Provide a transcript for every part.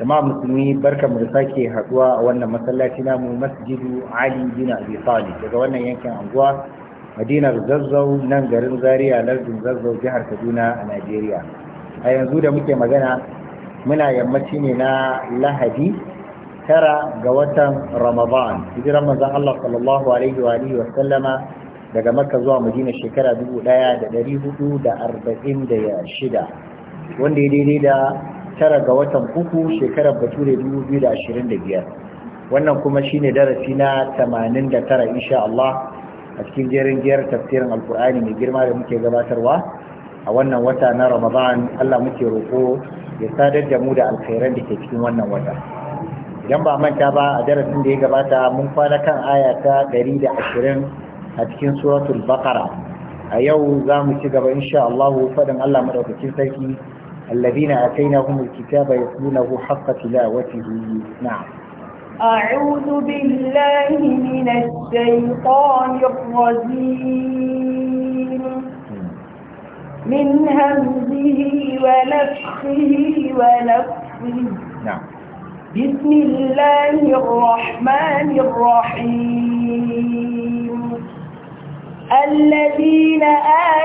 jama musulmi mu da sake haduwa a wannan masallaci namu masjidu ali bin abi talib daga wannan yankin anguwa madinar zazzau nan garin zaria lardin zazzau jihar kaduna a najeriya a yanzu da muke magana muna yammaci ne na lahadi tara ga watan ramadan hijiran ramadan allah sallallahu alaihi wa alihi wa sallama daga makka zuwa madina shekara dubu ɗaya da ɗari hudu da arba'in da shida wanda ya daidai da tara ga watan uku shekarar bature 2025 wannan kuma shine darasi na 89 insha Allah a cikin jerin jerin tafsirin alkur'ani mai girma da muke gabatarwa a wannan wata na ramadan Allah muke roƙo ya sadar da mu da alkhairan da ke cikin wannan wata idan ba manta ba a darasin da ya gabata mun kwana kan aya ta 120 a cikin suratul baqara a yau za mu ci gaba insha Allah faɗin Allah madaukakin sarki الذين آتيناهم الكتاب يتلونه حق تلاوته نعم أعوذ بالله من الشيطان الرجيم من همزه ونفخه ونفخه نعم بسم الله الرحمن الرحيم الذين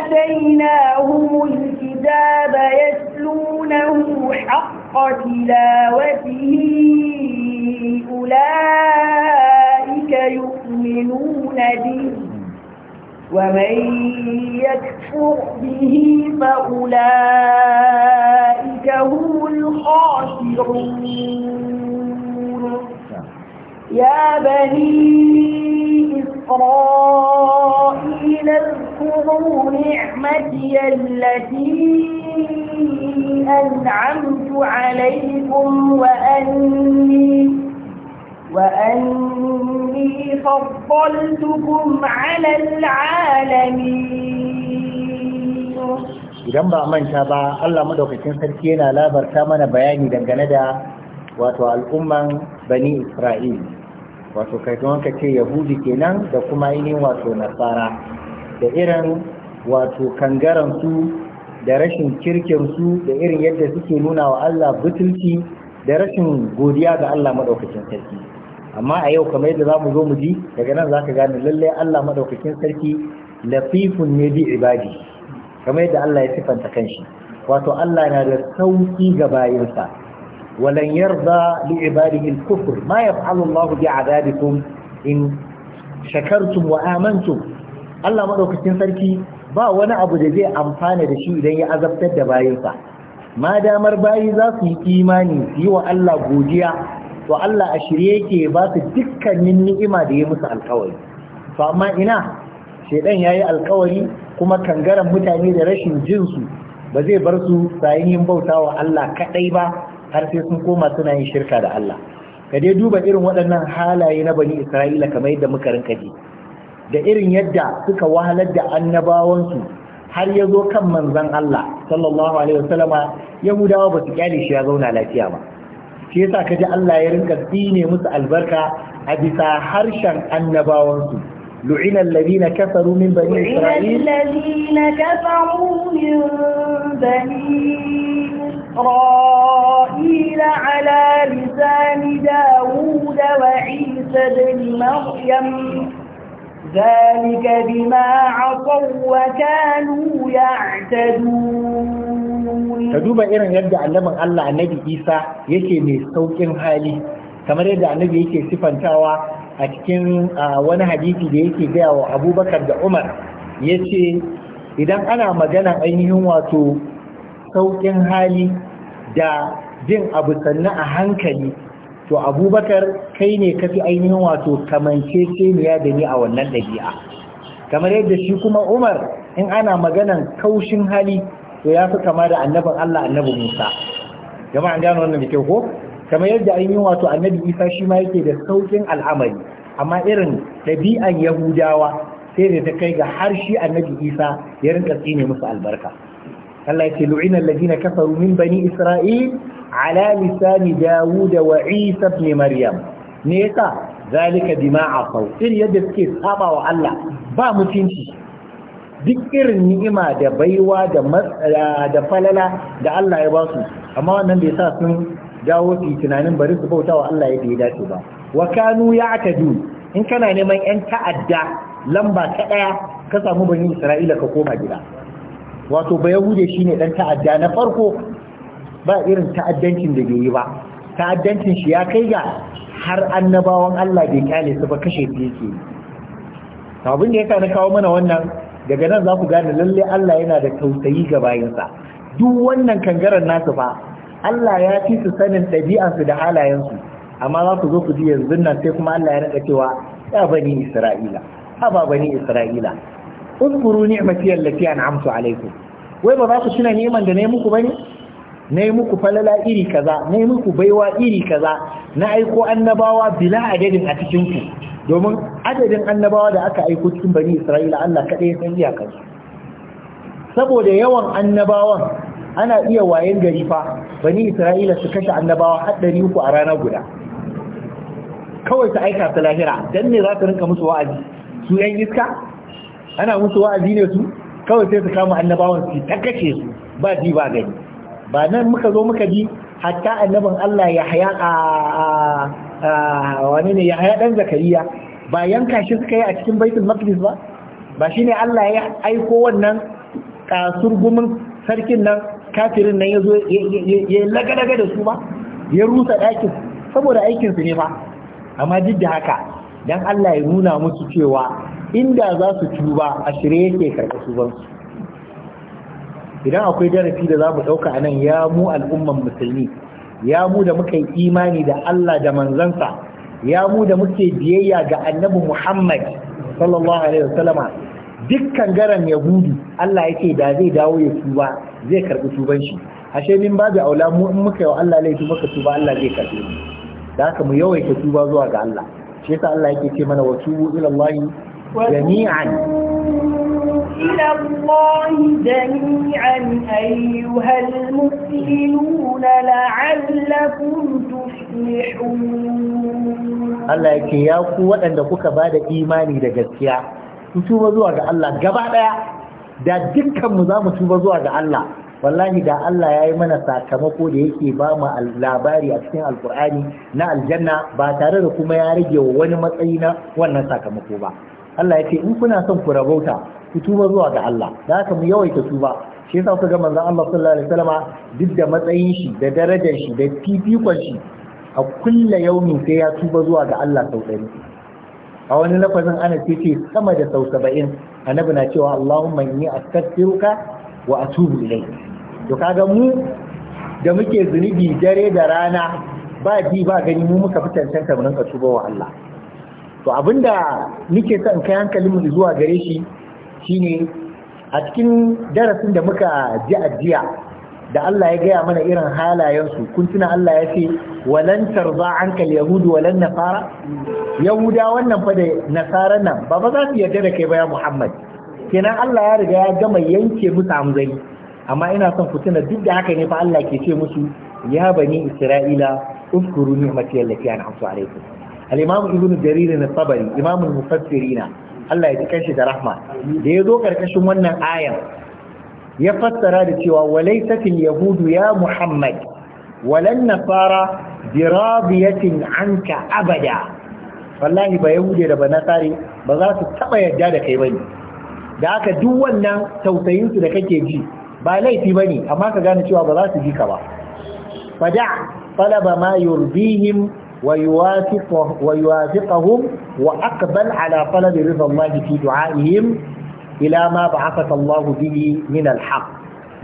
آتيناهم الكتاب يتلونه حق تلاوته أولئك يؤمنون به ومن يكفر به فأولئك هم الخاسرون يا بني إسرائيل اذكروا نعمتي التي أنعمت عليكم وأني وأني فضلتكم على العالمين إذن بأمان شابا الله مدوك تنسركينا لا برتامنا بياني واتوا الأمم بني إسرائيل wato kai don ka ce yahudi kenan da kuma ainihin wato nasara da irin wato kangaran su da rashin kirkin su da irin yadda suke nuna wa Allah butulci da rashin godiya ga Allah madaukakin sarki amma a yau kamar yadda zamu zo mu ji daga nan zaka gane lallai Allah maɗaukakin sarki lafifun ne bi ibadi kamar yadda Allah ya sifanta kanshi wato Allah na da sauki ga bayinsa ولن يرضى لعباده الكفر ما يفعل الله بعذابكم إن شكرتم وآمنتم الله مدوكتين سركي ba wani abu da zai amfana da shi idan ya azabtar da bayansa ma damar bayi za su yi imani su yi wa Allah godiya to Allah a shirye yake ba su dukkanin ni'ima da ya musu alkawari to amma ina shedan yayi alkawari kuma kangaran mutane da rashin jinsu ba zai bar su sayin yin bauta wa Allah kaɗai ba har sai sun koma suna yin shirka da Allah ka dai duba irin waɗannan halaye na bani Isra'ila kamar yadda muka rinka ji da irin yadda suka wahalar da annabawansu har ya zo kan manzon Allah sallallahu alaihi wasallama Yahudawa ba su kyale shi ya zauna lafiya ba shi yasa ka ji Allah ya rinka tsine musu albarka a bisa harshen annabawansu Lu'inan alladhina kafaru min bani isra'il إسرائيل على لسان داود وعيسى بن مريم ذلك بما عصوا وكانوا يعتدون تدوب إيران يبدأ لمن الله النبي إيسى يكي من حالي kamar yadda annabi yake sifantawa a cikin wani hadisi da yake gaya wa abubakar da umar ya ce idan ana maganan ainihin wato sauƙin hali da jin abu sannu a hankali to abubakar kai ne kafi ainihin wato kamanceceniya da ni a wannan ɗabi'a kamar yadda shi kuma umar in ana maganan kaushin hali to ya fi kama da annabin allah annabi musa Gama an gano wannan da kyau ko kamar yadda ainihin wato annabi isa shi ma yake da sauƙin al'amari amma irin ɗabi'an yahudawa sai da ta kai ga har shi annabi isa ya rinka tsine musu albarka Allah yake lu'ina alladhina kafaru min bani isra'il ala lisani dawud wa isa ibn maryam ne yasa zalika bima asaw ir yadda suke saba wa Allah ba mutunci duk irin ni'ima da baiwa da da falala da Allah ya ba su amma wannan bai sa sun dawo su tunanin bari su bauta wa Allah yadda ya dace ba wa kanu ya'tadu in kana neman yan ta'adda lamba ta daya ka samu bani isra'ila ka koma gida wato ba shi ne dan ta'adda na farko ba irin ta'addancin da bai yi ba ta'addancin shi ya kai ga har annabawan Allah bai kyale su ba kashe su yake abin da yasa na kawo mana wannan daga nan za ku gane lalle Allah yana da tausayi ga bayinsa duk wannan kangaren nasu fa Allah ya fi su sanin ɗabi'ansu da halayensu amma za ku zo ku ji yanzu nan sai kuma Allah ya rika cewa ya bani Isra'ila ha ba bani Isra'ila uzkuru ni'mati allati an'amtu alaikum wai ba za ku tuna neman da nayi muku bane nayi muku falala iri kaza nayi muku baiwa iri kaza na aiko annabawa bila adadin a cikin domin adadin annabawa da aka aiko cikin bani Isra'ila Allah kadai ya san iyakarsu saboda yawan annabawan ana iya wayan gari fa bani Isra'ila su kashe annabawa har 300 a rana guda kawai su aika su lahira dan ne za ka rinka musu wa'azi su yan iska ana musu wa'azi ne su kawai sai su kama annabawan su ta kace su ba ji ba gani ba nan muka zo muka ji hatta annaban Allah ya haya a wani ne ya haya dan zakariya ba yanka shi suka yi a cikin baitul maqdis ba ba shine Allah ya aiko wannan kasurgumin sarkin nan kafirin nan yazo ya lagalaga da su ba ya rusa ɗakin saboda aikinsu ne ba? amma duk da haka dan Allah ya nuna musu cewa inda za su tuba a shirye yake karɓa tubansu idan akwai darasi da za mu ɗauka a nan ya mu al'umman musulmi ya mu da muka yi imani da Allah da manzansa ya mu da muke biyayya ga annabi Muhammad sallallahu alaihi wasallama dukkan garan yahudi Allah yake da zai dawo ya tuba zai karɓi tuban shi ashe min babu aula mu in muka yi wa Allah laifi muka tuba Allah zai karɓe mu da haka mu yawaita tuba zuwa ga Allah shi yasa Allah yake ce mana wa tubu ila Allah جميعا إلى الله جميعا أيها المسلمون لعلكم تفلحون الله يكي يا قوة أن دقوك بعد إيماني دقسيا tuba zuwa ga Allah gaba da dukkanmu za mu tuba zuwa ga Allah wallahi da Allah ya yi mana sakamako da yake ba mu labari a cikin alkur'ani na aljanna ba tare da kuma ya rage wa wani matsayi na wannan sakamako ba Allah ya ce in kuna son ku rabauta ku tuba zuwa ga Allah da haka mu yawaita tuba shi yasa ku ga manzon Allah sallallahu alaihi wasallama duk da matsayin shi da darajar shi da fifikon shi a kulla yaumi sai ya tuba zuwa ga Allah sau ɗari a wani lafazin ana ce ce sama da sau saba'in annabi na cewa Allahumma inni astaghfiruka wa atubu ilayk to kaga mu da muke zunubi dare da rana ba ji ba gani mu muka fi tantance mu rinka tuba wa Allah to abinda nike in kai hankalin mu zuwa gare shi shine a cikin darasin da muka ji ajiya da Allah ya gaya mana irin halayensu kun tuna Allah ya ce walan tarza anka yahudu walan nasara yahuda wannan fa da nasara nan ba ba za su yarda da kai ba ya Muhammad kenan Allah ya riga ya gama yanke musu amzai amma ina son ku tuna duk da haka ne fa Allah ke ce musu ya bani isra'ila uskuru ni'mati allati an'amtu alaykum al-imam ibn jarir na tabari imam Allah ya ji shi da rahma da ya zo karkashin wannan ayan ya fassara da cewa walaisatil yahudu ya muhammad walan nasara birabiyatin anka abada wallahi ba yahude da ba nasari ba za su taɓa yadda da kai bane da aka duk wannan tausayin da kake ji ba laifi ba ne, amma ka gane cewa ba za su ji ka ba fada talaba ma yurbihim ويوافقه ويوافقهم وأقبل على طلب رضا الله في دعائهم إلى ما بعثك الله به من الحق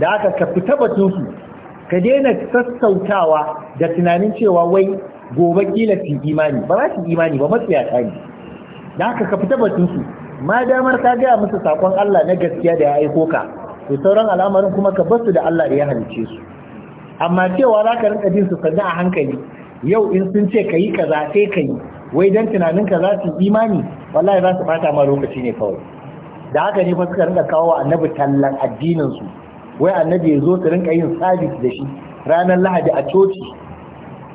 ذاك كتبت نسو كدينا تستوتاوا da tunanin cewa wai gobe kila su imani ba za su imani ba masu yata ne da haka ka fita batunsu ma damar ka gaya musu sakon Allah na gaskiya da ya aiko ka to sauran al'amarin kuma ka basu da Allah da ya halice su amma cewa za ka rinka jin su sannu a hankali yau in sun ce ka yi za sai ka yi wai don tunanin ka za su imani wallahi za su fata ma lokaci ne kawai da haka ne fa suka rinka kawo wa annabi tallan addinin su wai annabi ya zo su rinka yin sabis da shi ranar lahadi a coci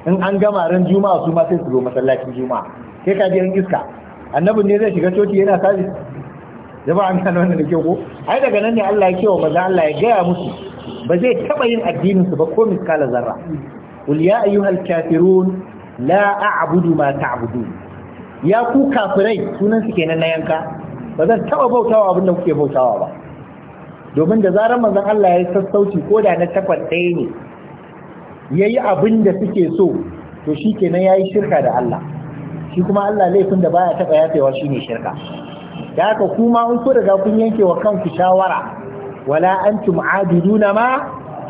in an gama ran juma'a su ma sai su zo masallacin juma'a sai ka je in iska Annabi ne zai shiga coci yana sabis ba an kana wannan da kyau ko ai daga nan ne Allah ya kewa maza Allah ya gaya musu ba zai taba yin addinin su ba ko miskala zarra qul ya ayyuhal kafirun la a'budu ma ta'budun ya ku kafirai sunan su kenan na yanka ba zan taba bautawa abin da kuke bautawa ba domin da zarar manzon Allah ya yi sassauci ko da na takwas ɗaya ne yayi abin da suke so to shi kenan yayi shirka da Allah shi kuma Allah laifin da baya taba yafewa shine shirka da haka kuma in ku riga kun yanke wa kanku shawara wala antum aabiduna ma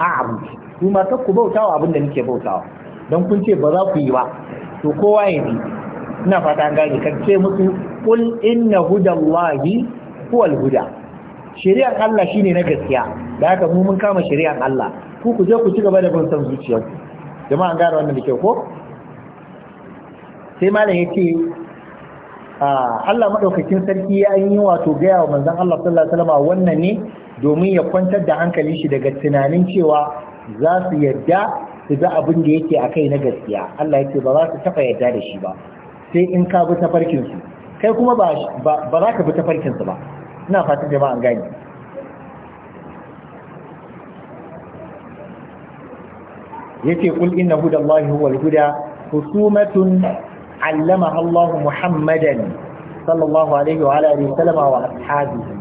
a'budu ku ma ku bautawa abin da nake bautawa don kun ce ba za ku yi ba to kowa ya bi ina fata an gane kan ce musu kul inna hudallahi huwal huda shari'ar Allah shine na gaskiya da haka mu mun kama shari'ar Allah ku ku je ku ci gaba da bin zuciyar ku jama'a gane wannan da kyau ko sai malam yace ah, Allah madaukakin sarki ya yi wato gaya wa manzon Allah sallallahu alaihi wasallam wannan ne domin ya kwantar da hankalin shi daga tunanin cewa za su yadda su bi abin da yake a kai na gaskiya Allah yake ba za su taɓa yadda da shi ba sai in ka bi ta farkinsu kai kuma ba za ka bi ta farkinsu ba ina fatan jama'a an gani yace kul inna hudallahi huwal huda husumatun allamaha Allah Muhammadan sallallahu alaihi wa alihi wa sallama wa ashabihi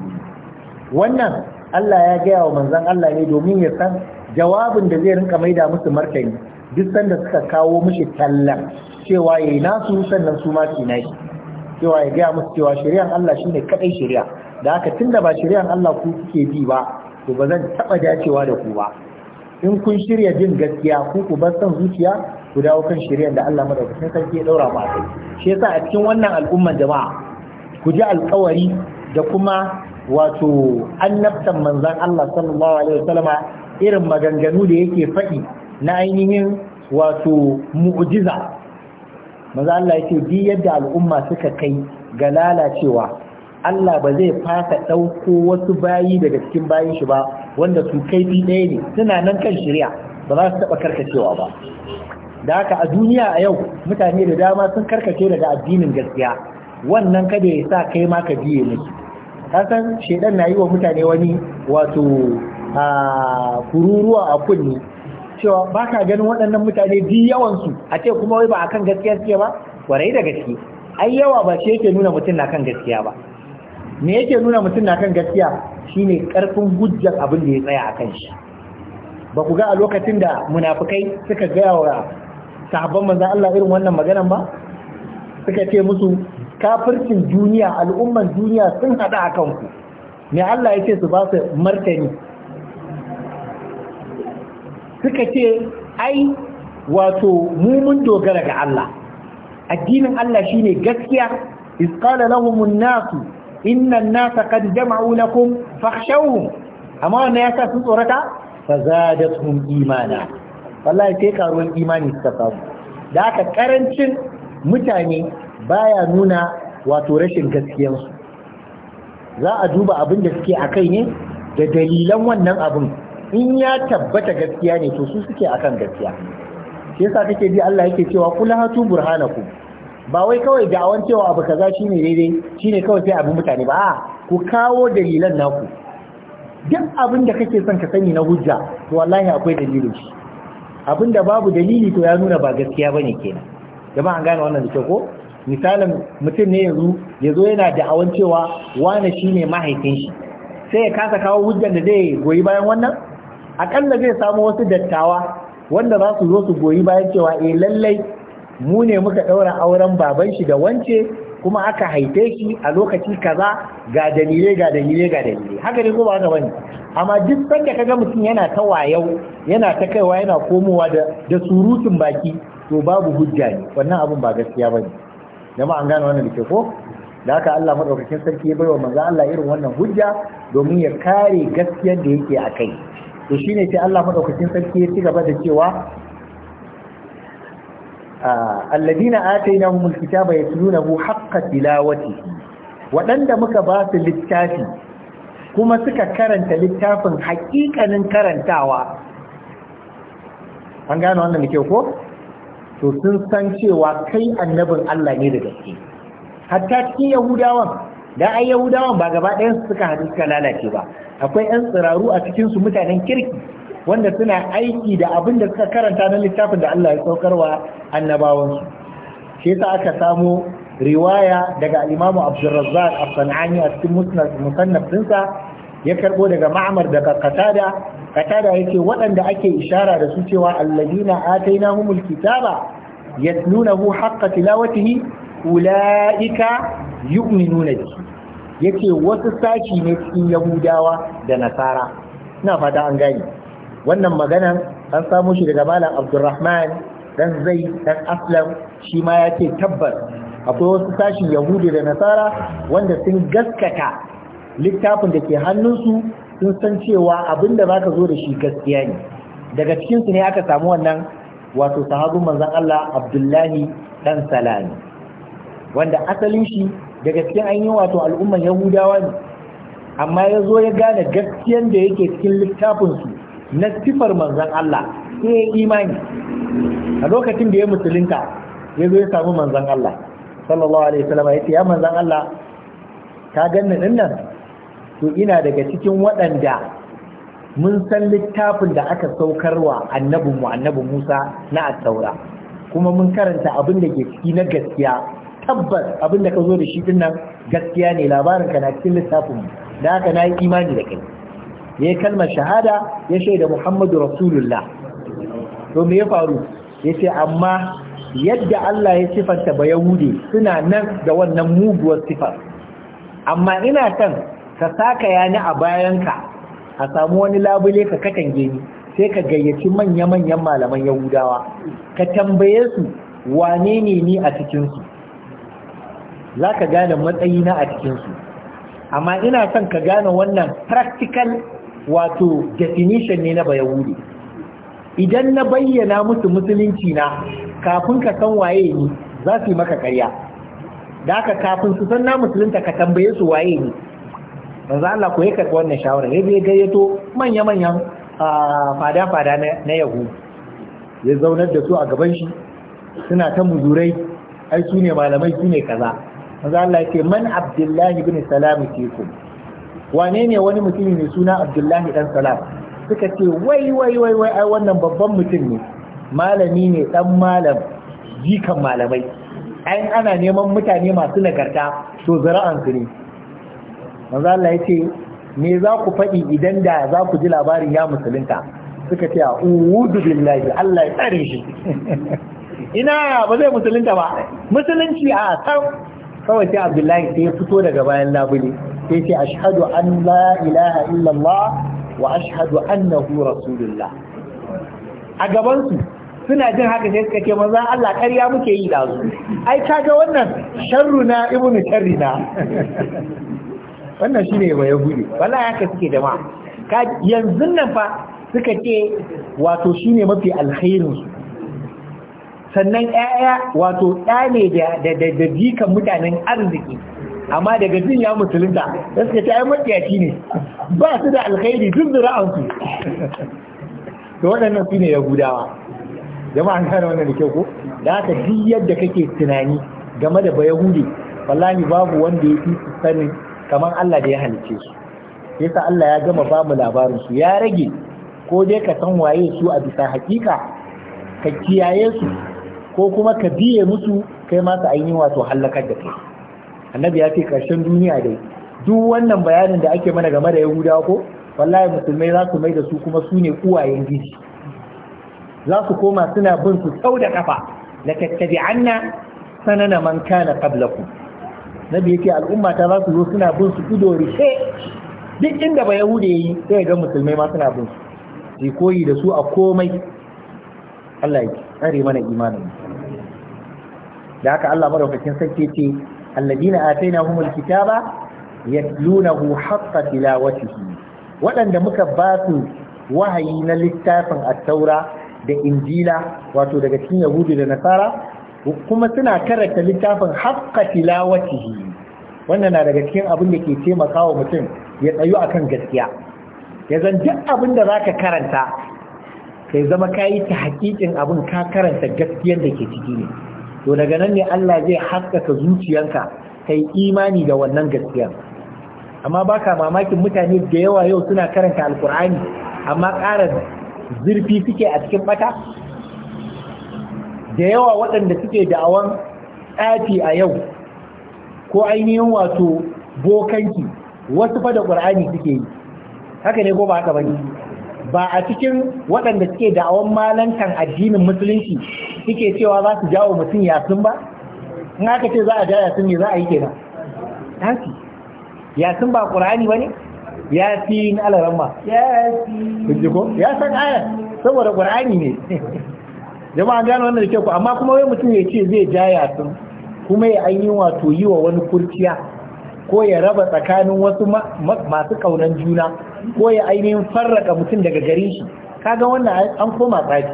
wannan Allah ya gaya wa manzon Allah ne domin ya san jawabin da zai rinka maida musu martani duk sanda suka kawo mishi tallan cewa ya yi nasu sannan su ma na nashi cewa ya gaya musu cewa shari'an Allah shine kadai shari'a da haka tunda ba shari'an Allah ku kuke bi ba to ba zan taba dacewa da ku ba in kun shirya jin gaskiya ku ku bar san zuciya ku dawo kan shiriyar da Allah madaukakin sarki ya daura ba a kai shi yasa a cikin wannan al'ummar jama'a ku ji alƙawari da kuma wato annabtan manzon Allah sallallahu alaihi wasallama irin maganganu da yake faɗi na ainihin wato mu'jiza maza Allah yake bi yadda al'umma suka kai ga lalacewa Allah ba zai fasa ɗauko wasu bayi daga cikin bayin shi ba wanda su kaifi ɗaya ne suna nan kan shirya, ba za su taɓa karkacewa ba da haka a duniya a yau mutane da dama sun karkace daga addinin gaskiya wannan kada ya sa kai ma ka biye miki kasan shedan na yi wa mutane wani wato a kururuwa a kunni cewa ba ka ganin waɗannan mutane ji yawansu a ce kuma wai ba a kan gaskiya suke ba warai da gaske ai yawa ba shi yake nuna mutum na kan gaskiya ba me yake nuna mutum na kan gaskiya shine karfin hujjar abin da ya tsaya a kan shi ba ku ga a lokacin da munafukai suka gaya wa sahabban manzan Allah irin wannan maganan ba suka ce musu kafircin duniya al'umman duniya sun hada a kanku me Allah ya ce su ba su martani suka ce ai wato mu mun dogara ga Allah addinin Allah shine gaskiya iz qala lahum an-nas inna an-nasa qad jama'u lakum fakhshawhum amma wannan yasa sun tsorata fazadatuhum imana wallahi sai karuwar imani suka samu da haka karancin mutane baya nuna wato rashin gaskiyansu za a duba abin da suke a kai ne da dalilan wannan abin in ya tabbata gaskiya ne to su suke akan gaskiya shi yasa take bi Allah yake cewa kul hatu burhanakum ba wai kawai da'awan cewa abu kaza shine daidai shine kawai sai abin mutane ba ku kawo dalilan naku duk abin da kake son ka sani na hujja to wallahi akwai dalilin shi abin babu dalili to ya nuna ba gaskiya bane kenan jama'a an gane wannan da ko misalin mutum ne yanzu ya zo yana da'awan cewa wane shine mahaifin shi sai ya kasa kawo hujjan da zai goyi bayan wannan akalla zai samu wasu dattawa wanda za su zo su goyi bayan cewa eh lallai mu ne muka ɗaura auren baban shi da wance kuma aka haife shi a lokaci kaza ga dalilai ga dalilai ga dalilai haka ne ko ba haka bane amma duk sanda kaga mutum yana ta wayau yana ta kaiwa yana komowa da da surutun baki to babu hujja ne wannan abun ba gaskiya bane dama an gane wannan dake ko da haka Allah madaukakin sarki ya baiwa manzo Allah irin wannan hujja domin ya kare gaskiyar da yake a kai to shine sai Allah madaukakin sarki ya ci gaba da cewa ah, alladina atainahum alkitaba yatlunahu haqqa tilawati waɗanda muka ba su littafi kuma suka karanta littafin hakikanin karantawa an gano wannan da ko to sun san cewa kai annabin Allah ne da gaske hatta cikin yahudawan Da ai yahudawa ba gaba ɗayan suka hadu suka lalace ba akwai yan tsiraru a cikin su mutanen kirki wanda suna aiki da abin da suka karanta na littafin da Allah ya saukarwa annabawansu shi yasa aka samo riwaya daga al-Imam Abdurrazzaq As-Sanani a cikin musnad musannaf dinsa ya karbo daga Ma'mar daga Qatada Qatada yake waɗanda ake ishara da su cewa alladina atainahumul kitaba yatlunahu haqqa tilawatihi ula'ika yu'minuna bi yace wasu sashi ne cikin yahudawa da nasara ina fata an gane wannan maganan an samu shi daga malam abdurrahman dan zai dan aslam shi ma ya ce tabbas akwai wasu sashi, yahudi da nasara wanda sun gaskata littafin da ke hannunsu sun san cewa abin da za ka zo da shi gaskiya ne daga cikinsu ne aka samu wannan wato sahabin manzon allah abdullahi dan salami wanda asalin shi daga cikin an yi wato al'umman yahudawa ne amma yazo ya gane gaskiyan da yake cikin littafinsu na sifar manzan Allah sai ya imani a lokacin da ya musulunta ya zo ya samu manzan Allah sallallahu alaihi wasallam ya ce ya manzan Allah ka ganni dinnan to ina daga cikin waɗanda mun san littafin da aka saukarwa mu annabi Musa na at-taura kuma mun karanta abin da ke ciki na gaskiya tabbas abin da ka zo da shi din nan gaskiya ne labarin ka na cikin littafin da haka na yi imani da kai ya kalmar shahada ya shaida muhammadu rasulullah to me ya faru ya ce amma yadda Allah ya sifanta ba yahudi suna nan da wannan muguwar sifar amma ina kan ka saka yani a bayan ka. a samu wani labule ka katange ni sai ka gayyaci manya-manyan malaman yahudawa ka tambaye su wane ne ni a cikinsu za ka gane na a cikinsu amma ina son ka gane wannan practical wato definition ne na bayahudi idan na bayyana musu musulunci na kafin ka san waye ni za su yi maka karya da aka kafin su san na musulunta ka tambaye su waye ni manzo Allah ko ya karɓi wannan shawara ya je gayyato manya-manyan fada-fada na yahu ya zaunar da su a gaban shi suna ta muzurai ai su ne malamai su ne kaza maza Allah ya man abdullahi bin salam teku wane ne wani mutumi mai suna abdullahi dan salam suka ce wai wai wai wai ai wannan babban mutum ne malami ne dan malam jikan malamai ai ana neman mutane masu nagarta to zara'an su ne maza Allah ya me za ku faɗi idan da za ku ji labarin ya musulunta suka ce a uwudu billahi Allah ya tsare shi ina ba zai musulunta ba musulunci a san kawai sai abdullahi sai ya fito daga bayan labule sai ce ashhadu an la ilaha illallah wa ashhadu annahu rasulullah a gabansu suna jin haka sai suka ce maza Allah karya muke yi da su ai kaga wannan sharruna ibnu sharrina wannan shine ba ya gudu wallahi haka suke dama ka yanzu nan fa suka ce wato shine mafi alkhairin sannan ‘ya'ya wato ɗa ne da jikan mutanen arziki amma daga jin ya musulunta da suka ta yi matsiyaci ne ba su da alkhairi duk ra'ansu. da waɗannan su ne yahudawa jama'a an gane wannan da kyau ko da haka duk yadda kake tunani game da bayahudi wallahi babu wanda ya fi sanin kamar Allah da ya halice su yasa Allah ya gama ba mu labarin su ya rage ko dai ka san waye su a bisa hakika ka kiyaye su ko kuma ka biye musu kai ma su ainihin wato hallakar da kai annabi ya ce karshen duniya dai duk wannan bayanin da ake mana game da yahudawa ko wallahi musulmai za su mai da su kuma su ne uwayen gidi za su koma suna bin su tsau da kafa la tattabi'anna sanana man kana qablakum nabi yake al'umma ta za su zo suna bin su ido rishe duk inda ba ya yi sai ga musulmai ma suna bin su koyi da su a komai Allah ya kare mana imanin mu da haka Allah madaukakin sarki ce alladina humul kitaba yatlunahu haqqa tilawatihi waɗanda muka ba su wahayi na littafin at-taura da injila wato daga cikin Yahudi da nasara kuma suna karanta littafin haqqa tilawatihi wannan na daga cikin abin da ke taimakawa mutum ya tsayu akan gaskiya ya zan duk abin da zaka karanta kai zama kayi ta hakikin abin ka karanta gaskiyar da ke ciki ne to daga nan ne Allah zai haskaka zuciyanka kai imani da wannan gaskiya amma baka mamakin mutane da yawa yau suna karanta alkur'ani amma ƙara zurfi suke a cikin bata da yawa waɗanda suke da'awan tsafi a yau ko ainihin wato bokanki wasu fa da ƙur'ani suke yi haka ne ko ba haka bane ba a cikin waɗanda suke da'awan malantan addinin musulunci suke cewa za su jawo mutum yasin ba in aka ce za a ja yasin ne za a yi kenan Tasi, yasin ba qur'ani bane yasin alaramma yasin ko ya san aya saboda qur'ani ne jama'a gano wannan da ku, amma kuma wai mutum ya ce zai ja yasin kuma ya an yi wato yi wa wani kurciya ko ya raba tsakanin wasu masu kaunan juna ko ya ainihin farraka mutum daga gare shi kaga wannan an koma tsaki.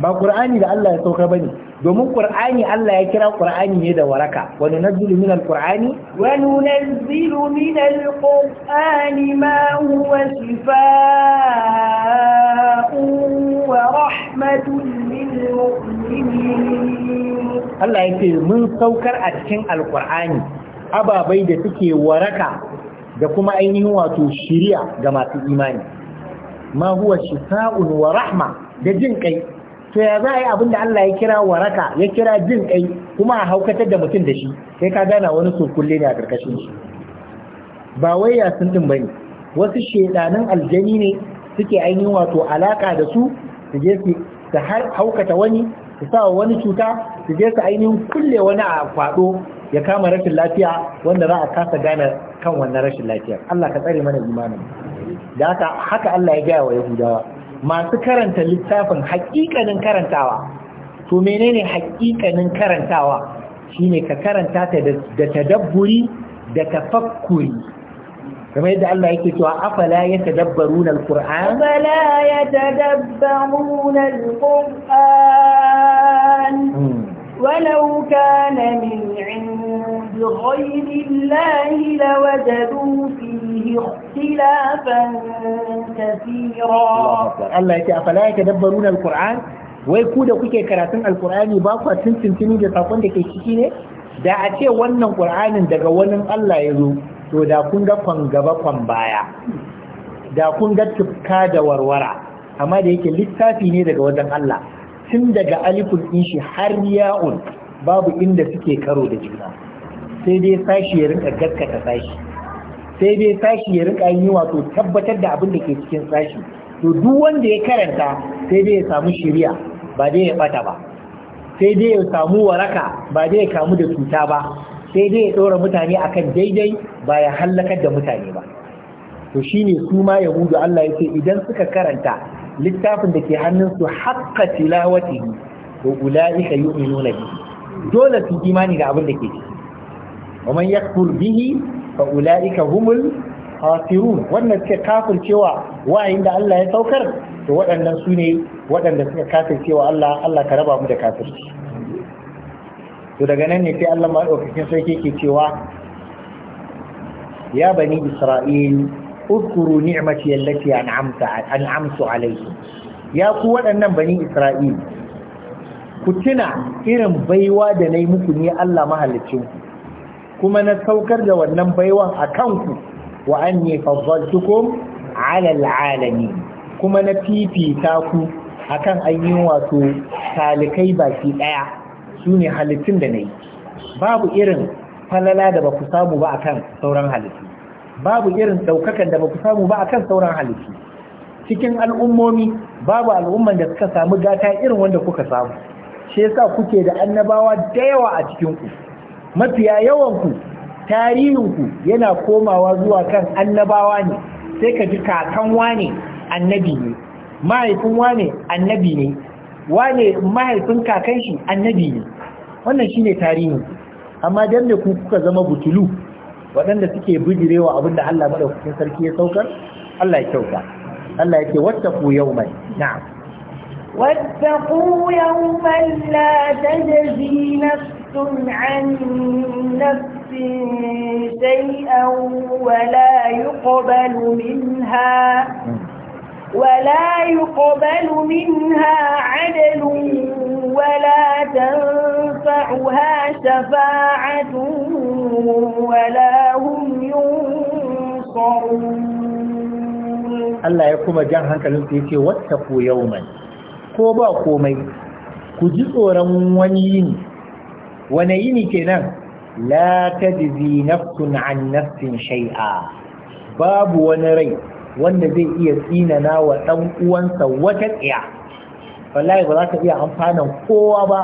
ba qur'ani da Allah ya sauka bane domin qur'ani Allah ya kira qur'ani ne da waraka wa nunzilu minal qur'ani wa nunzilu minal qur'ani ma huwa shifaa'un wa rahmatun lil mu'minin Allah ya ce mun saukar a cikin alqur'ani ababai da suke waraka da kuma ainihin wato shiriya ga masu imani ma huwa shifa'un wa rahma da jin kai to ya za a yi abin da Allah ya kira waraka ya kira jin kai kuma a haukatar da mutum da shi sai ka gana wani surkulle ne a karkashin shi ba wai ya sun din bane wasu shedanin aljani ne suke ainihin wato alaka da su su je su haukata wani su sa wani cuta su je su ainihin kulle wani a kwado ya kama rashin lafiya wanda za a kasa gane kan wannan rashin lafiyar Allah ka tsare mana imanin da haka haka Allah ya gaya wa Yahudawa masu karanta littafin hakikanin karantawa to menene hakikanin karantawa shine ka karanta ta da tadabburi da tafakkuri kamar yadda Allah yake cewa afala yatadabbaruna alquran afala yatadabbaruna alquran hmm. walau kana min بغير الله لوجدوا فيه اختلافا كثيرا الله يتي أفلا يتدبرون القرآن wai ku da kuke karatun alkur'ani ba ku tuntuntuni da sakon da ke ne da a ce wannan ƙur'anin daga wani Allah ya zo to da kun ga kwan gaba kwan baya da kun ga tufka da warwara amma da yake littafi ne daga wajen Allah tun daga alifun din shi har ya'un babu inda suke karo da juna sai dai sashi ya rinka gaskata sashi sai dai sashi ya rinka yi wato tabbatar da abin da ke cikin sashi to duk wanda ya karanta sai dai ya samu shiriya ba dai ya bata ba sai dai ya samu waraka ba dai ya kamu da cuta ba sai dai ya ɗora mutane akan daidai ba ya hallakar da mutane ba to shine su ma yahudu Allah ya ce idan suka karanta littafin da ke hannunsu haqqa tilawatihi to ulaika yu'minuna bihi dole su imani da abin da ke ciki wa man yakfur bihi fa ulaika humul khasirun wannan suka kafircewa wayin da Allah ya saukar to waɗannan su ne waɗanda suka cewa, Allah Allah ka raba mu da kafirci to daga nan ne sai Allah madaukakin sarki ke cewa ya bani isra'il اذكروا نعمتي التي انعمت انعمت عليكم ya ku waɗannan bani Isra'il, ku tuna irin baiwa da na yi muku ne Allah mahallicinku, kuma na saukar da wannan baiwan a kanku wa an yi fazzaltukum alal alami kuma na fifita ku akan an yi wato talikai baki ɗaya su ne halittun da na yi babu irin falala da ba ku samu ba akan sauran halittu babu irin ɗaukakan da ba ku samu ba akan sauran halittu cikin al'ummomi babu al'umman da suka samu gata irin wanda kuka samu shi yasa kuke da annabawa da yawa a cikin ku mafiya yawanku tarihinku yana komawa zuwa kan annabawa ne sai ka ji kakan wane annabi ne mahaifin wane annabi ne wane mahaifin kakan shi annabi ne wannan shine tarihin amma dan da ku kuka zama butulu waɗanda suke bijirewa abin da Allah madaukakin sarki ya saukar Allah ya kyauta Allah yake wattaqu yawman na'am wattaqu yawman la tajzi nafs عن نفس شيئا ولا يقبل منها ولا يقبل منها عدل ولا تنفعها شفاعة ولا هم ينصرون الله يقوم جان هنكلم تيتي واتقوا يوما كوبا كومي كجزء رموانيين wane yini kenan la tajzi nafsun an nafsin shai'a. babu wani rai wanda zai iya tsinana wa ɗan uwansa wata tsiya wallahi ba za ka iya amfanan kowa ba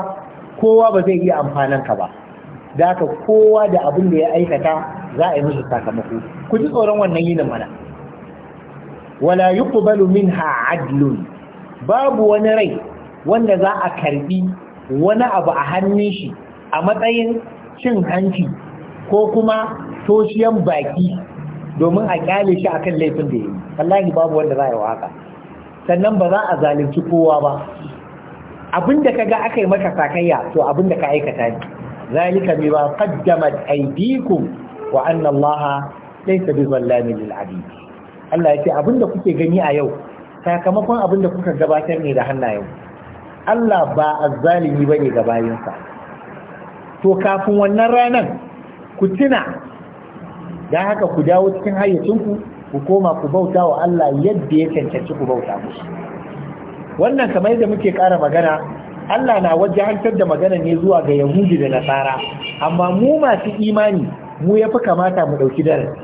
kowa ba zai iya amfanan ka ba da ka kowa da abin da ya aikata za a yi musu sakamako ku ji tsoron wannan yinin mana wala yuqbalu minha adlun babu wani rai wanda za a karbi wani abu a hannun shi a matsayin cin hanci ko kuma toshiyan baki domin a kyale shi akan laifin da ya yi wallahi babu wanda za a yi wa sannan ba za a zalunci kowa ba abin da ka ga aka yi maka sakayya to abin da ka aikata ne zalika bima qaddamat aydikum wa anna allaha laysa zallamin lil abid Allah ya ce abin da kuke gani a yau sakamakon abin da kuka gabatar ne da hannayen Allah ba azzalimi bane ga bayinsa to kafin wannan ranar ku tuna da haka ku dawo cikin hayyacinku ku koma ku bauta wa Allah yadda ya cancanci ku bauta mushi wannan kamar yadda muke ƙara magana Allah na wajahantar da magana ne zuwa ga Yahudi da Nasara amma mu masu imani mu yafi kamata mu ɗauki darasi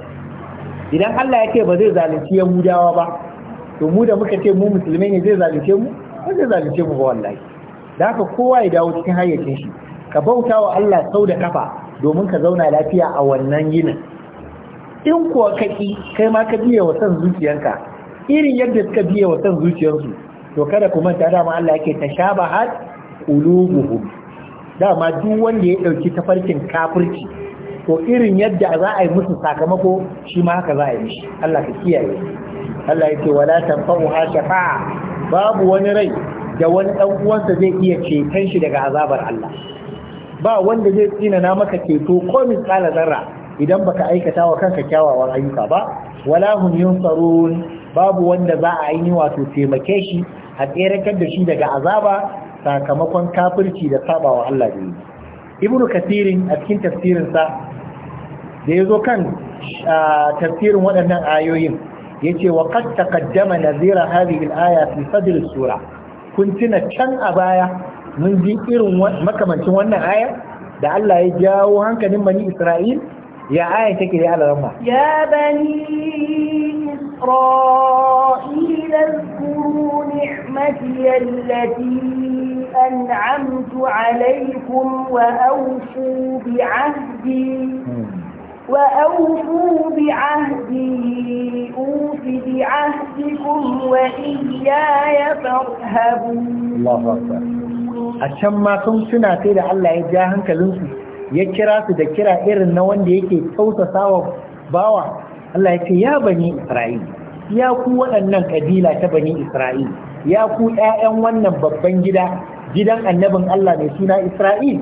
idan Allah ya ce ba zai zalunci Yahudawa ba to mu da muka ce mu musulmai ne zai zalunce mu ba zai zalunce mu ba wallahi da haka kowa ya dawo cikin hayyacin shi ka bauta wa Allah sau da kafa domin ka zauna lafiya a wannan yinin in kuwa kaki kai ma ka biya wa san zuciyanka irin yadda suka biya wa san zuciyarsu to kada ku manta dama Allah yake tashabahat qulubuhum dama duk wanda ya dauki tafarkin kafirci to irin yadda za a yi musu sakamako shi ma haka za a yi mishi Allah ka kiyaye Allah yake wala ha shafa'a babu wani rai da wani ɗan uwansa zai iya ceton shi daga azabar Allah ba wanda zai tsina na maka ceto ko misala zarra idan baka aikata wa kanka kyawawan ayyuka ba wala hum yunsarun babu wanda za a yi wato taimake shi a tseratar da shi daga azaba sakamakon kafirci da sabawa wa Allah da yi ibnu Kathirin, a cikin tafsirin sa da yazo kan tafsirin waɗannan ayoyin yace wa qad taqaddama nazira hadhihi al-aya fi sadr sura kun can a baya mun ji irin makamancin wannan aya da Allah ya jawo hankalin bani Isra'il ya aya take ya alarma ya bani Isra'il إسرائيل اذكروا نعمتي التي أنعمت عليكم وأوفوا بعهدي وأوفوا بعهدي أوف بعهدكم وإياي فارهبون a can ma sun suna sai da Allah ya ja hankalinsu ya kira su da kira irin na wanda yake tausasa wa bawa Allah ya ce ya bani Isra'il ya ku waɗannan ƙabila ta bani Isra'il ya ku ‘ya’yan wannan babban gida gidan annabin Allah mai suna Isra'il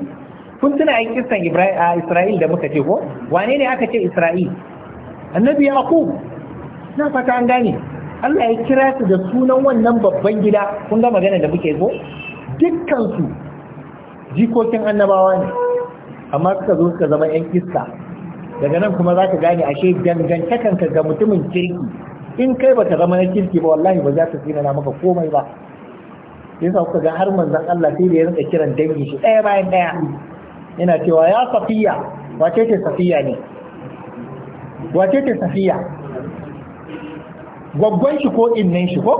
kun tuna yi kisan Isra'il da muka ce ko wane ne aka ce Isra'il annabi Yaqub na fata an gane Allah ya kira su da sunan wannan babban gida kun ga magana da muke ko Dukkansu. jikokin annabawa ne amma suka zo suka zama yan kista. daga nan kuma za ka gane ashe dangantakanka ga mutumin kirki in kai baka zama na kirki ba wallahi ba za ta na maka komai ba yasa kuka ga har manzon Allah sai da ya rinka kiran dangi shi ɗaya bayan ɗaya yana cewa ya safiya wace ce safiya ne wace ce safiya gwaggon shi ko innan shi ko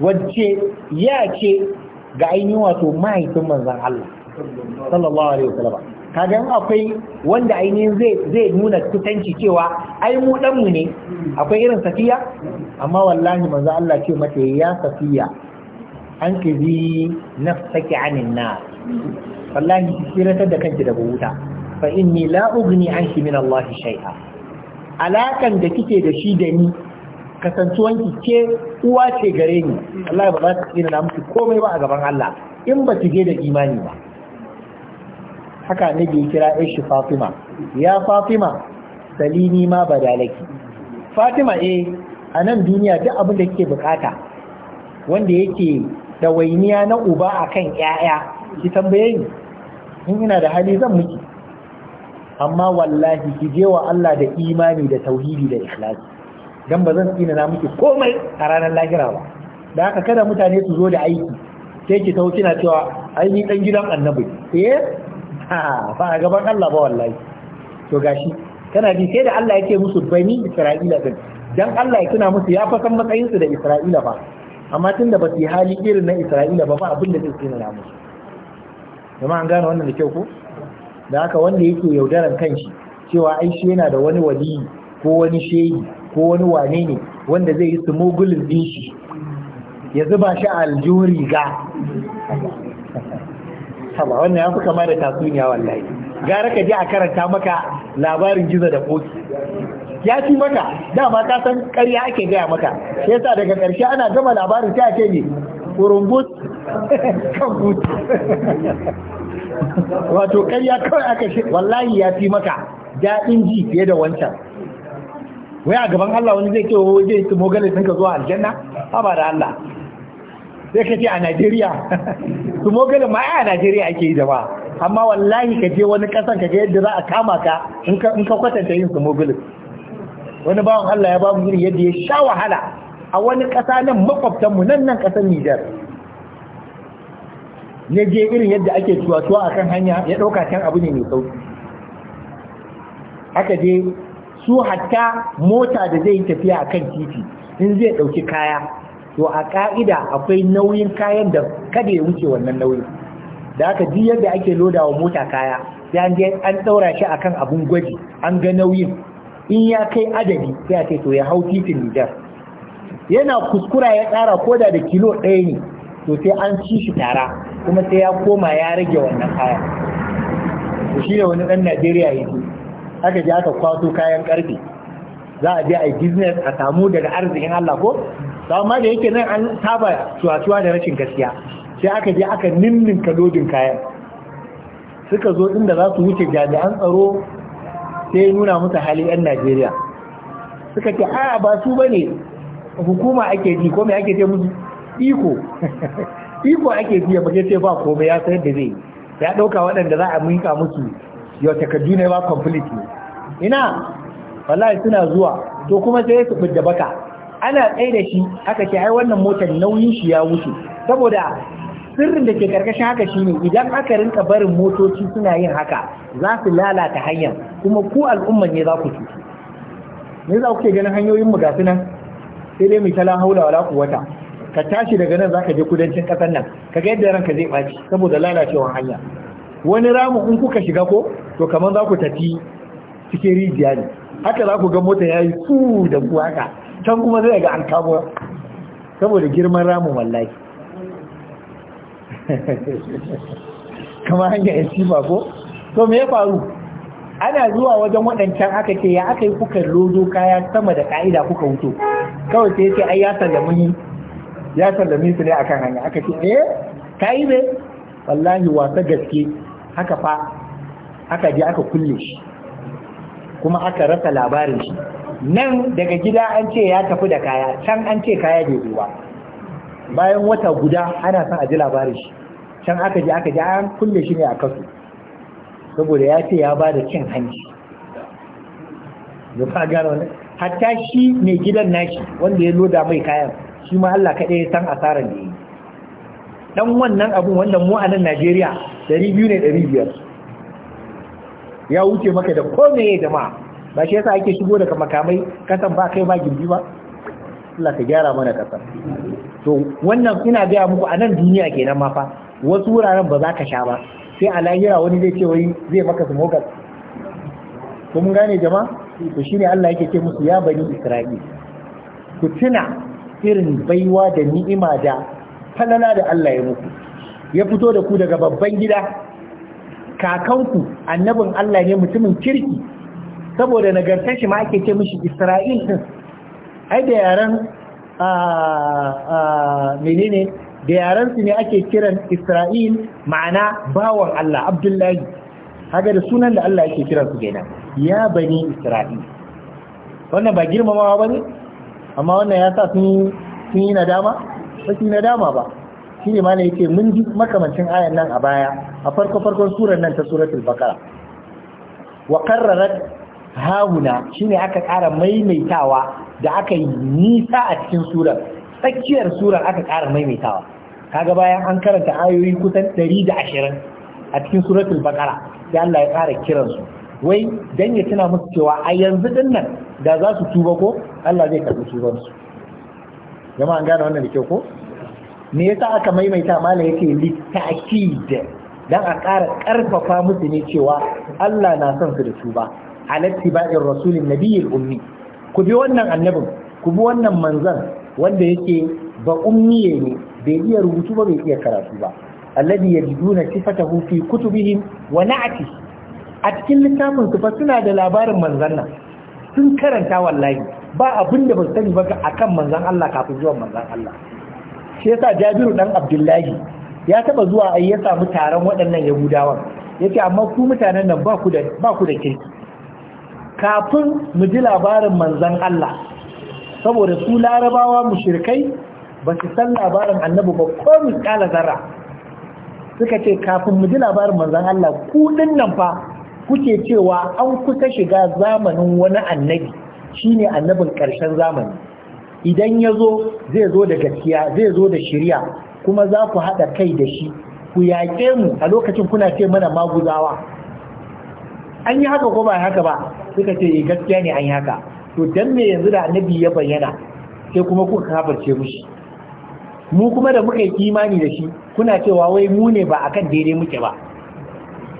wacce ya ce ga ainihin wato mahaifin manzan Allah sallallahu alaihi wasallam kaga akwai wanda ainihin zai zai nuna kutanci cewa ai mu dan mu ne akwai irin safiya amma wallahi manzan Allah ce mata ya safiya an kizi nafsaki anin na wallahi ki tsiratar da kanki daga wuta fa inni la ugni anki min Allah shay'a alakan da kike da shi da ni kasantuwanki ke uwa ce gare ni wallahi ba za ta tsira na miki komai ba a gaban Allah in ba ki je da imani ba haka ne bai kira ishi Fatima ya Fatima salini ma badalaki Fatima eh a nan duniya duk abin da kike bukata wanda yake wainiya na uba akan 'ya'ya ki tambaye ni in ina da hali zan miki amma wallahi ki je wa Allah da imani da tauhidi da ikhlasi dan ba zan tsina na miki komai a ranar lahira ba da haka kada mutane su zo da aiki sai ki tau kina cewa ai ni dan gidan annabi eh ba a gaban Allah ba wallahi to gashi kana ji sai da Allah yake musu bani Isra'ila din dan Allah ya tuna musu ya fa san matsayinsu da Isra'ila ba amma tunda ba su yi hali irin na Isra'ila ba ba abin da zai tsina na musu kuma an gane wannan da kyau ko da haka wanda yake yaudaran kanshi cewa ai shi yana da wani wali ko wani shehi ko wani wane ne wanda zai yi smuggling din shi ya zuba shi a aljuri riga ba wannan ya fi kama da tasuniya wallahi gara ka je a karanta maka labarin gizo da koki ya ci maka dama ka san ƙarya ake gaya maka shi yasa daga ƙarshe ana gama labarin ta ce ne kurungus kan wato ƙarya kawai aka shi wallahi ya fi maka daɗin ji fiye da wancan wai a gaban Allah wani zai ce oh, wai zai tumo gane sun ka zuwa aljanna Haba da Allah sai ka ce a Najeriya tumo gane ma a Najeriya ake yi da ba amma wallahi ka je wani ƙasan ka ga yadda za a kama ka in ka kwatanta yin tumo gane wani bawan Allah ya ba mu yadda ya sha wahala a wani ƙasa nan makwabtanmu nan nan ƙasar Nijar Na je irin yadda ake cuwa-cuwa a kan hanya ya ɗauka can abu ne mai sauki haka je su hatta mota da zai yi tafiya a kan titi in zai ɗauki kaya to a ƙa'ida akwai nauyin kayan da kada ya wuce wannan nauyin da aka ji yadda ake loda wa mota kaya sai an je an ɗaura shi akan abun gwaji an ga nauyin in ya kai adadi sai a ce to ya hau titin nijar yana kuskura ya tsara koda da kilo ɗaya ne to sai an ci shi tara kuma sai ya koma ya rage wannan kaya to shi ne wani dan Najeriya yake. ce aka je aka kwaso kayan karfe za a je a business a samu daga arzikin Allah ko to amma da yake nan an saba tuwa-tuwa da rashin gaskiya sai aka je aka ka lodin kayan suka zo inda za su wuce jami'an tsaro sai nuna musu hali 'yan Najeriya suka ce a ba su bane hukuma ake ji ko me ake ce musu iko iko ake fiye ba sai ba komai ya sayar da zai ya ɗauka waɗanda za a minka musu yau takardu ne ba complete ina wallahi suna zuwa to kuma sai su fidda baka ana tsaye da shi aka ce ai wannan motar nauyin shi ya wuce saboda sirrin da ke karkashin haka shine idan aka rinka barin motoci suna yin haka za su lalata hanyar kuma ku al'umma ne za ku cuci ne za ku ke ganin hanyoyin mu ga sunan sai dai mu tala haula wala wata. ka tashi daga nan zaka je kudancin kasar nan kaga yadda ranka zai baci saboda lalacewar hanya wani ramu in kuka shiga ko to kamar za ku tafi cikin rijiya ne haka za ku ga mota yayi su da ku haka can kuma zai ga an kamo saboda girman ramin wallahi kamar hanyar ci ba ko to me ya faru ana zuwa wajen waɗancan aka ce ya aka yi kuka lodo kaya sama da ka'ida kuka wuto kawai sai ce ai ya sallamu ya sallame su ne akan hanya aka ce eh kai ne wallahi wasa gaske haka fa aka je aka kulle shi kuma aka rasa labarin shi nan daga gida an ce ya tafi da kaya can an ce kaya bai ruwa bayan wata guda ana son a ji labarin shi can aka je aka je an kulle shi ne a kasu saboda ya ce ya ba da cin hanci ya gano hatta shi mai gidan nashi wanda ya loda mai kayan shi ma Allah kaɗai ya san asarar da yi Ɗan wannan abin wanda mu a nan Najeriya biyu ne biyar. ya wuce maka da kome ya jama'a ba shi yasa ake shigo daga makamai kasan ba kai ba gindi ba Allah ka gyara mana kasan to wannan ina gaya muku a nan duniya kenan ma fa wasu wuraren ba za ka sha ba sai a lahira wani zai ce wai zai maka smokar kun gane jama'a to shine Allah yake ce musu ya bani Isra'il ku tuna irin baiwa da ni'ima da falala da Allah ya muku ya fito da ku daga babban gida kakanku annabin Allah ne mutumin kirki saboda nagartashi shi ma ake ce mishi Isra'il din ai da yaran menene da yaran su ne ake kiran Isra'il ma'ana bawan Allah Abdullahi haga da sunan da Allah yake kiransu su ya bani Isra'il wannan ba girmamawa bane amma wannan ya sa sun yi nadama ba su yi nadama ba shi ne ne yake mun ji makamancin ayan nan a baya a farko farkon surar nan ta suratul bakara wa qarrarat hauna ne aka ƙara maimaitawa da aka yi nisa a cikin surar tsakiyar surar aka ƙara maimaitawa kaga bayan an karanta ayoyi kusan 120 a cikin suratul bakara Allah ya ƙara kiransu wai dan ya tuna musu cewa a yanzu din nan da za su tuba ko Allah zai karɓi tubansu jama'a an gane wannan da kyau ko me yasa aka maimaita mala yake li ta'kid dan a ƙara ƙarfafa musu ne cewa Allah na son su da tuba alatti ba'in rasulin nabiyil ummi ku bi wannan annabin ku bi wannan manzan wanda yake ba ummiye ne bai iya rubutu ba bai iya karatu ba alladhi yajiduna sifatahu fi kutubihim wa na'tihi a cikin littafin su fa suna da labarin manzon nan sun karanta wallahi ba abin da ba sani ba akan manzon Allah kafin zuwan manzon Allah shi yasa Jabiru dan Abdullahi ya taba zuwa ai ya samu taron waɗannan Yahudawan yace amma ku mutanen nan ba ku da ba ku da kirki kafin mu ji labarin manzon Allah saboda su larabawa mushrikai ba su san labarin annabi ba ko mu kala zarra suka ce kafin mu ji labarin manzan Allah ku din nan fa kuke cewa an kusa shiga zamanin wani annabi shi ne annabin ƙarshen zamani idan ya zo zai zo da gaskiya zai zo da shirya kuma za ku haɗa kai da shi ku yaƙe mu a lokacin kuna ce mana maguzawa an yi haka ko ba haka ba suka ce eh, gaskiya ne an yi haka to dan me yanzu da annabi ya bayyana sai kuma kuka kafarce mushi mu kuma da muka yi imani da shi kuna cewa wai mu ne ba akan daidai muke ba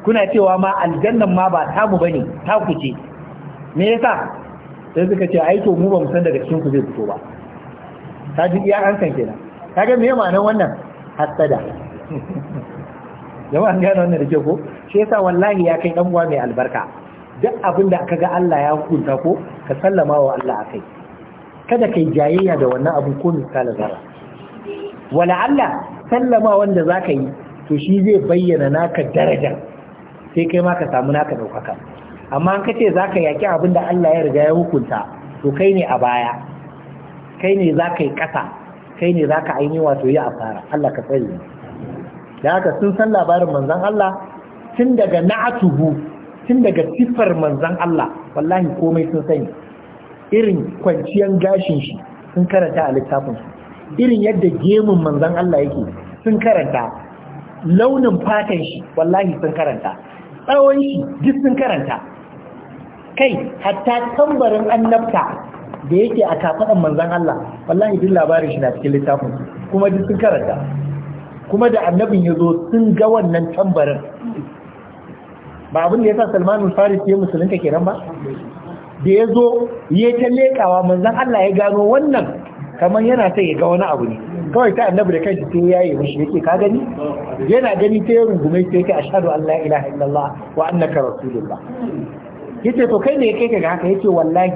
kuna cewa ma aljannan ma ba mu bane ku ce me yasa sai suka ce ai to mu ba mu san daga cikin ku zai fito ba ta ji iya an san kenan kaga me ma'anar wannan hasada jama'an an wannan da ke ko shi yasa wallahi ya kai dan uwa mai albarka duk abin da kaga Allah ya hukunta ko ka sallama wa Allah akai kada kai jayayya da wannan abu ko misali zara wala Allah sallama wanda zaka yi to shi zai bayyana naka darajar sai kai ma ka samu naka ɗaukaka amma an kace za ka yaƙi abin da Allah ya riga ya hukunta to kai ne a baya kai ne za ka yi ƙasa kai ne za ka aini wato yi asara Allah ka tsare da haka sun san labarin manzon Allah tun daga na'atuhu tun daga siffar manzon Allah wallahi komai sun sani irin kwanciyan gashin shi sun karanta a littafin su irin yadda gemun manzon Allah yake sun karanta launin fatan shi wallahi sun karanta tsawon shi karanta kai hatta tambarin annabta da yake a kafaɗan manzan Allah wallahi duk labarin shi na cikin littafin kuma duk sun karanta kuma da annabin ya zo sun ga wannan tambarin ba abin da ya sa salmanul faris ya musulunta kenan ba da ya zo ya ta lekawa manzan Allah ya gano wannan kamar yana ta ya ga wani abu ne kawai ta annabi da kanshi sai yayi mishi yake ka gani yana gani ta gumai sai yake ashhadu an la ilaha illallah wa annaka rasulullah yace to kai ne kai ka ga haka ce wallahi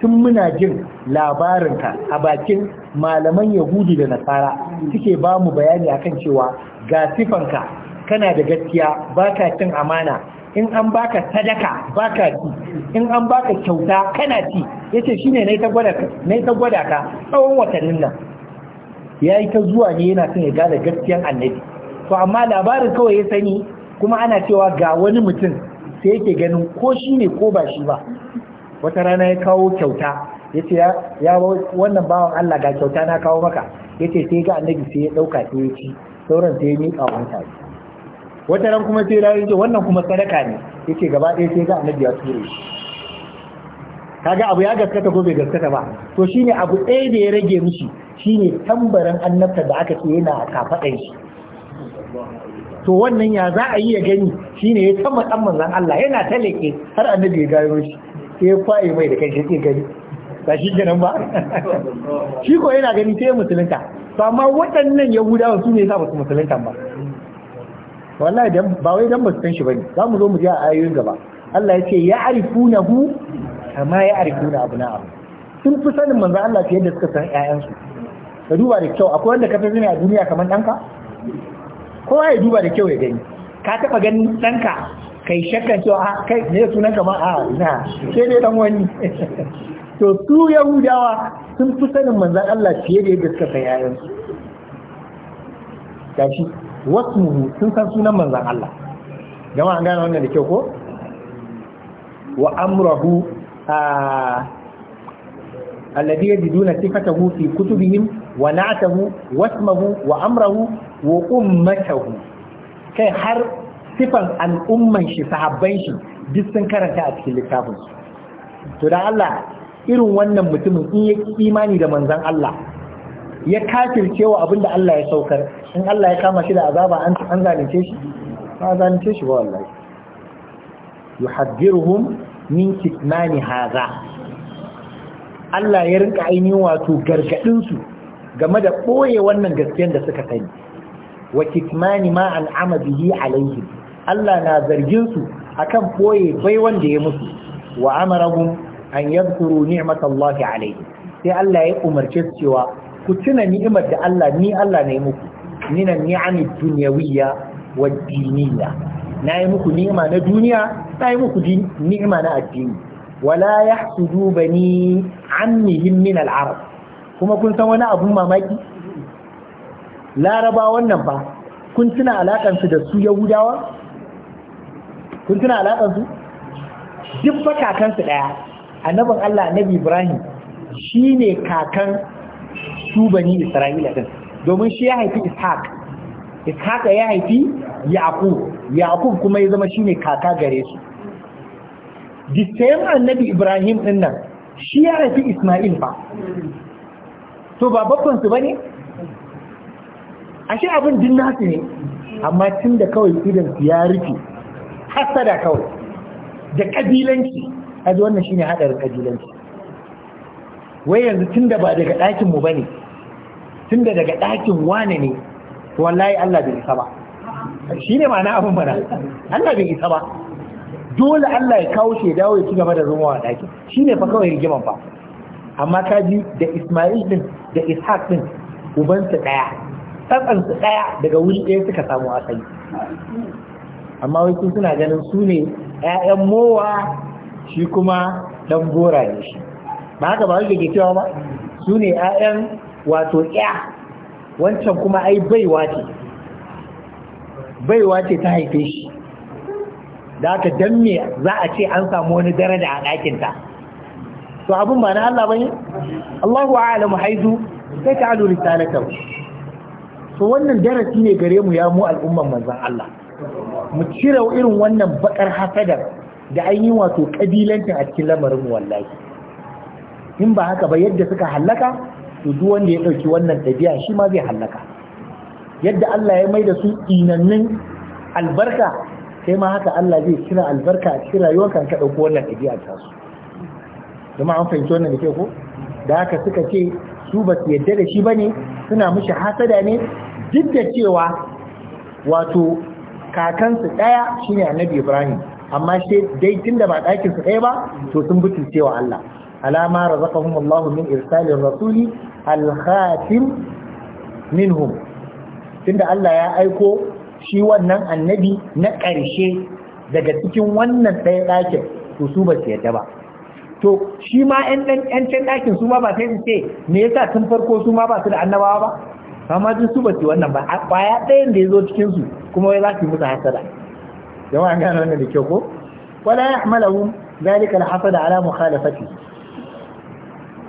tun muna jin labarinka a bakin malaman yahudi da nasara suke ba mu bayani akan cewa ga sifanka kana da gaskiya baka cin amana in an baka sadaka baka ci in an baka kyauta kana ci yace shine nayi ta gwada ka nayi ta gwada ka tsawon watannin nan ya yi ta zuwa ne yana son ya gane gaskiyar annabi to amma labarin kawai ya sani kuma ana cewa ga wani mutum sai yake ganin ko shi ne ko ba shi ba wata rana ya kawo kyauta ya ce ya wannan bawan Allah ga kyauta na kawo maka ya ce sai ga annabi sai ya ɗauka sai ya ci sauran sai ya miƙa wa mutane wata ran kuma sai ya ce wannan kuma sadaka ne ya ce gaba ɗaya sai ga annabi ya ture shi kaga abu ya gaskata ko bai gaskata ba to shine abu ɗaya da ya rage mishi shine tambarin annabta da aka ce yana a kafaɗan shi to wannan ya za a yi ya gani shine ya tamba dan manzon Allah yana ta leke har annabi ya gayo shi sai ya kwaye mai da kai sai gani ba shi kenan ba shi ko yana gani sai musulunta to amma waɗannan yahudawa su ne sa ba su musulunta ba wallahi dan ba wai dan ba su san shi bane za mu zo mu ji a ayoyin gaba Allah ya ce ya arifunahu kama ya arifu na abu na abu sun fi sanin manzo Allah fiye da suka san ƴaƴansu ka duba da kyau akwai wanda ka fi zina a duniya kamar ɗanka kowa ya duba da kyau ya gani ka taɓa ganin ɗanka kai shakkan cewa a ah, kai ne sunan kama a ah, na ke ne dan wani to su yahudawa sun fi sanin manzan Allah fiye da yadda suka san ƴaƴansu gashi wasu sun san sunan manzan Allah jama'a an gane wannan da kyau ko wa amrahu الذي يجدون صفته في كتبهم ونعته واسمه وامره wa amrahu wa ummatahu kai har sifan al'umman shi sahabban shi duk sun karanta a cikin littafin to da Allah irin wannan mutumin in ya imani da manzon Allah ya kafirce wa abinda Allah ya saukar in Allah ya kama shi da azaba an an zalunce shi ba zalunce shi ba wallahi yuhaddiruhum min kitmani haza Allah ya rinka ainihin wato gargaɗinsu game da ɓoye wannan gaskiyar da suka sani wa kitmani ma an bihi alaihi Allah na zargin su akan ɓoye bai wanda ya musu wa amarahum an yadhkuru ni'matallahi alaihi sai Allah ya umarce su cewa ku tuna ni'imar da Allah ni Allah ne muku minan ni'amid dunyawiyya wad diniyya na yi muku ni'ima na duniya na yi muku ni'ima na addini wala yahsudu bani annihim min al-arab kuma kun san wani abun mamaki laraba wannan ba kun tuna alakan da su yahudawa kun tuna alakan duk fa kakansu su daya annabin Allah annabi Ibrahim shine kakan su bani Isra'ila din domin shi ya haifi Ishaq Ishaq ya haifi yaqub yaqub kuma ya zama shine kaka gare su di same annabi ibrahim din nan shi ya rafi isma'il ba to ba babban su bane ashe abin din nasu ne amma tun da kawai idan su ya rufe hasada kawai da kabilanci aji wannan shine hadar kabilanci wai yanzu tun da ba daga ɗakin mu bane tun daga ɗakin wane ne wallahi Allah bai isa ba shi ne ma'ana abin bana Allah bai isa ba dole Allah ya kawo shi dawo ya ci gaba da zama a ɗakin shi ne fa kawai rigiman fa amma ka ji da Ismail din da Ishaq din ubansu ɗaya su ɗaya daga wuri ɗaya suka samu asali amma wai su suna ganin su ne ‘ya'yan mowa shi kuma dan gora ne shi ba haka ba wanda ke cewa ba su ne ‘ya'yan wato ‘ya wancan kuma ai baiwa ce baiwa ce ta haife shi da aka damme za a ce an samu wani daraja a ɗakinta to abin ba na Allah bane Allahu a'lamu haizu sai ta alu risalata to wannan darasi ne gare mu ya mu al'umman manzon Allah mu cire irin wannan bakar hasadar da an yi wato kabilancin a cikin lamarin mu wallahi in ba haka ba yadda suka hallaka to duk wanda ya dauki wannan tabiya shi ma zai hallaka yadda Allah ya maida su inannin albarka sai ma haka Allah zai kira albarka a cikin rayuwarka ka dauko wannan ɗabi'a a su kuma an fahimci wannan da ke ko da haka suka ce su ba su yadda da shi ne suna mishi hasada ne duk da cewa wato kakansu ɗaya shine annabi Ibrahim amma sai dai tun da ba ɗakin su ɗaya ba to sun butulce wa Allah alama razaqahum Allah min irsalir rasuli al-khatim minhum tunda Allah ya aiko shi wannan annabi na ƙarshe daga cikin wannan ɗaya ɗakin to su ba su yadda ba to shi ma ƴan can ɗakin su ma ba sai su ce me yasa tun farko su ma ba su da annabawa ba amma duk su ba su wannan ba a ƙwaya ɗayan da ya zo cikin su kuma wai za su yi musu hasada jama'a an gane wannan da kyau ko wala yahmalahu zalika alhasada ala mukhalafati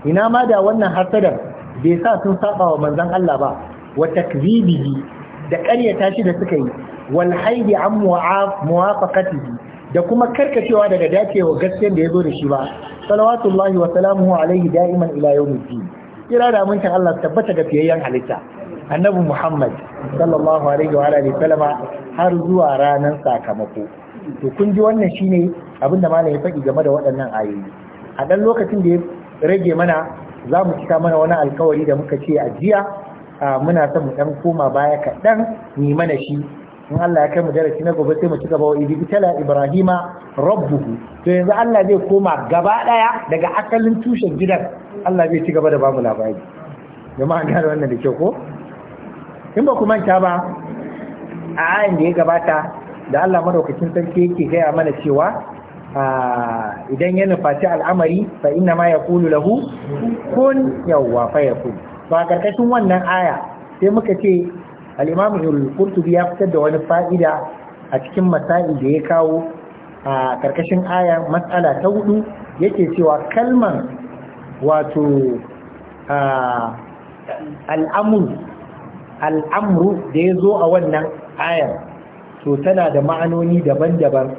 ina ma da wannan hasadan bai sa sun saba wa manzon Allah ba wa takzibihi da ta shi da suka yi wal haidi an muwafaqatihi da kuma karkacewa daga dacewa gaskiyar da ya zo da shi ba salawatullahi wa salamuhu alaihi da'iman ila yawmiddin kira da amincin Allah tabbata ga fiyayyen halitta annabi Muhammad sallallahu alaihi wa alihi sallama har zuwa ranar sakamako to kun ji wannan shine abin da malam ya faɗi game da waɗannan ayoyi a ɗan lokacin da ya rage mana za mu cika mana wani alkawari da muka ce a jiya muna son mu ɗan koma baya kaɗan ni mana shi in Allah ya kai mu darasi na gobe sai mu ci gaba wa ibtala ibrahima rabbuhu to yanzu Allah zai koma gaba daya daga asalin tushen gidan Allah zai ci gaba da bamu labari jama'a an gane wannan da kyau ko in ba ku manta ba a ayin da ya gabata da Allah madaukakin sarki yake gaya mana cewa idan ya nufaci al'amari fa inna ma yaqulu lahu kun yawwa fa yakun ba karkashin wannan aya sai muka ce al'imamu al-qurtubi ya fitar da wani fa'ida a cikin masa'i da ya kawo a ƙarƙashin aya matsala ta hudu yake cewa kalman wato al'amru da ya zo a wannan ayar to tana da ma'anoni daban-daban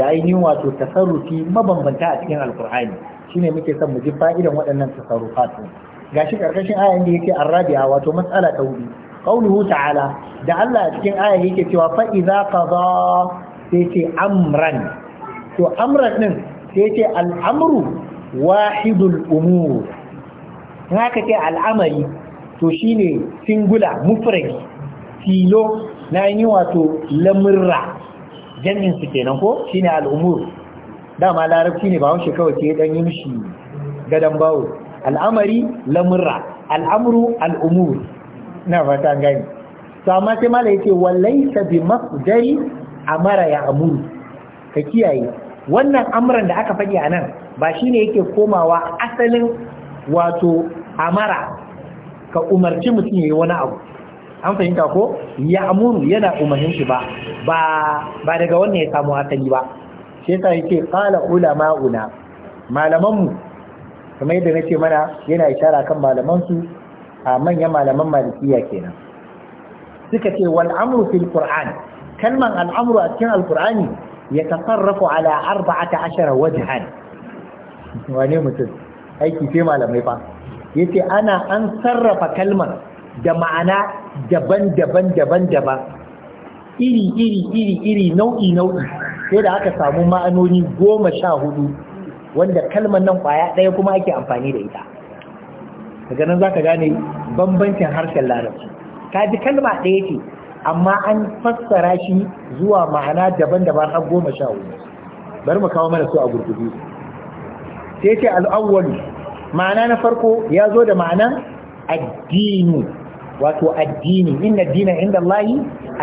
da ainihin wato tasarrufi mabambanta a cikin alkur'ani shine muke son mu ji fa'idan waɗannan tasarrufa gashi karkashin ayan da yake arrabi'a wato matsala ta hudu qauluhu ta'ala da Allah a cikin ayan yake cewa fa idza qada sai ce amran to amran din sai ce al'amru wahidul umur haka ce al'amari to shine singular mufrad tilo na yi wato lamurra jami'in su kenan ko shine umur dama larabci ne ba haushe kawai ke dan yi mishi gadan bawo al'amari lamurra al'amru al'umur na fata gani to amma sai mala yace wallaisa bi masdari amara ya amuru ka kiyaye wannan amran da aka faɗi a nan ba shine yake komawa asalin wato amara ka umarci mutum yayi wani abu an fahimta ko ya amuru yana umarnin shi ba ba daga wannan ya samu asali ba shi yasa yake qala ulama'una malamanmu kamar yadda nace mana yana ishara kan malamansu a manyan malaman malikiya kenan suka ce wal amru fil qur'an kalman al amru a cikin alqur'ani yatasarrafu ala arba'ata ashara wajhan wane mutum aiki sai malamai fa yace ana an sarrafa kalmar da ma'ana daban-daban daban-daban iri iri iri iri nau'i nau'i sai da aka samu ma'anoni goma sha hudu wanda kalmar nan kwaya ɗaya kuma ake amfani da ita daga nan za ka gane bambancin harshen larabci ka ji kalma ɗaya ce amma an fassara shi zuwa ma'ana daban-daban har goma sha hudu bari mu kawo mana su a gurgudu sai ce al'awwalu ma'ana na farko ya zo da ma'anan addini wato addini inna dina inda Allah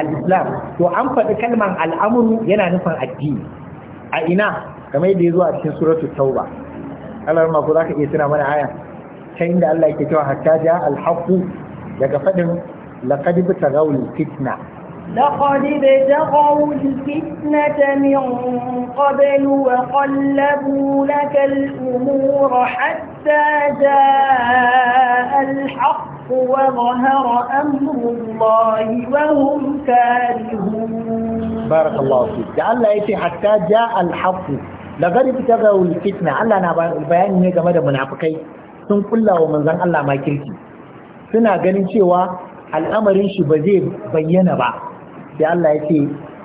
al-islam to an faɗi kalman al'amuru yana nufin addini a ina kamar yadda ya zo a cikin suratul tauba Allah ma ko zaka iya tuna mana aya ta inda Allah yake cewa hatta ja al-haqqu daga fadin laqad bitaghaw al-fitna min qabl wa qallabu الفتنة من قبل وقلبوا لك الأمور حتى جاء الحق وظهر أمر الله وهم كارهون بارك الله فيك جعل يأتي حتى جاء الحق da gari ta ga fitna Allah na bayani ne game da munafukai sun kulla wa manzon Allah ma kirki suna ganin cewa al'amarin shi ba zai bayyana ba sai Allah ya ce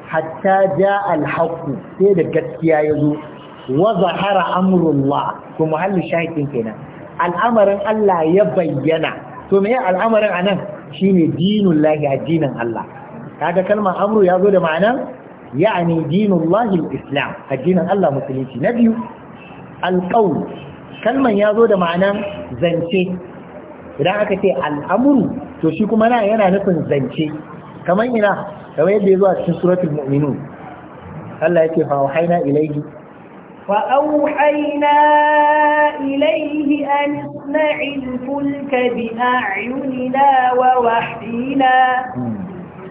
hatta ja alhaqu sai da gaskiya ya zo wa zahara amrullah to muhalli shahidin kenan al'amarin Allah ya bayyana to me al'amarin anan shine dinullahi addinin Allah kaga kalmar amru ya zo da ma'anar يعني دين الله الإسلام الدين الله مسلمين نبي القول كلمة يازو ده معنى زنشي إذا أكتي الأمر تشيكو منا ينا نفن زنشي كما إنا كما يدي يزوى في سورة المؤمنون الله يكي فأوحينا إليه فأوحينا إليه أن اصنع الفلك بأعيننا ووحينا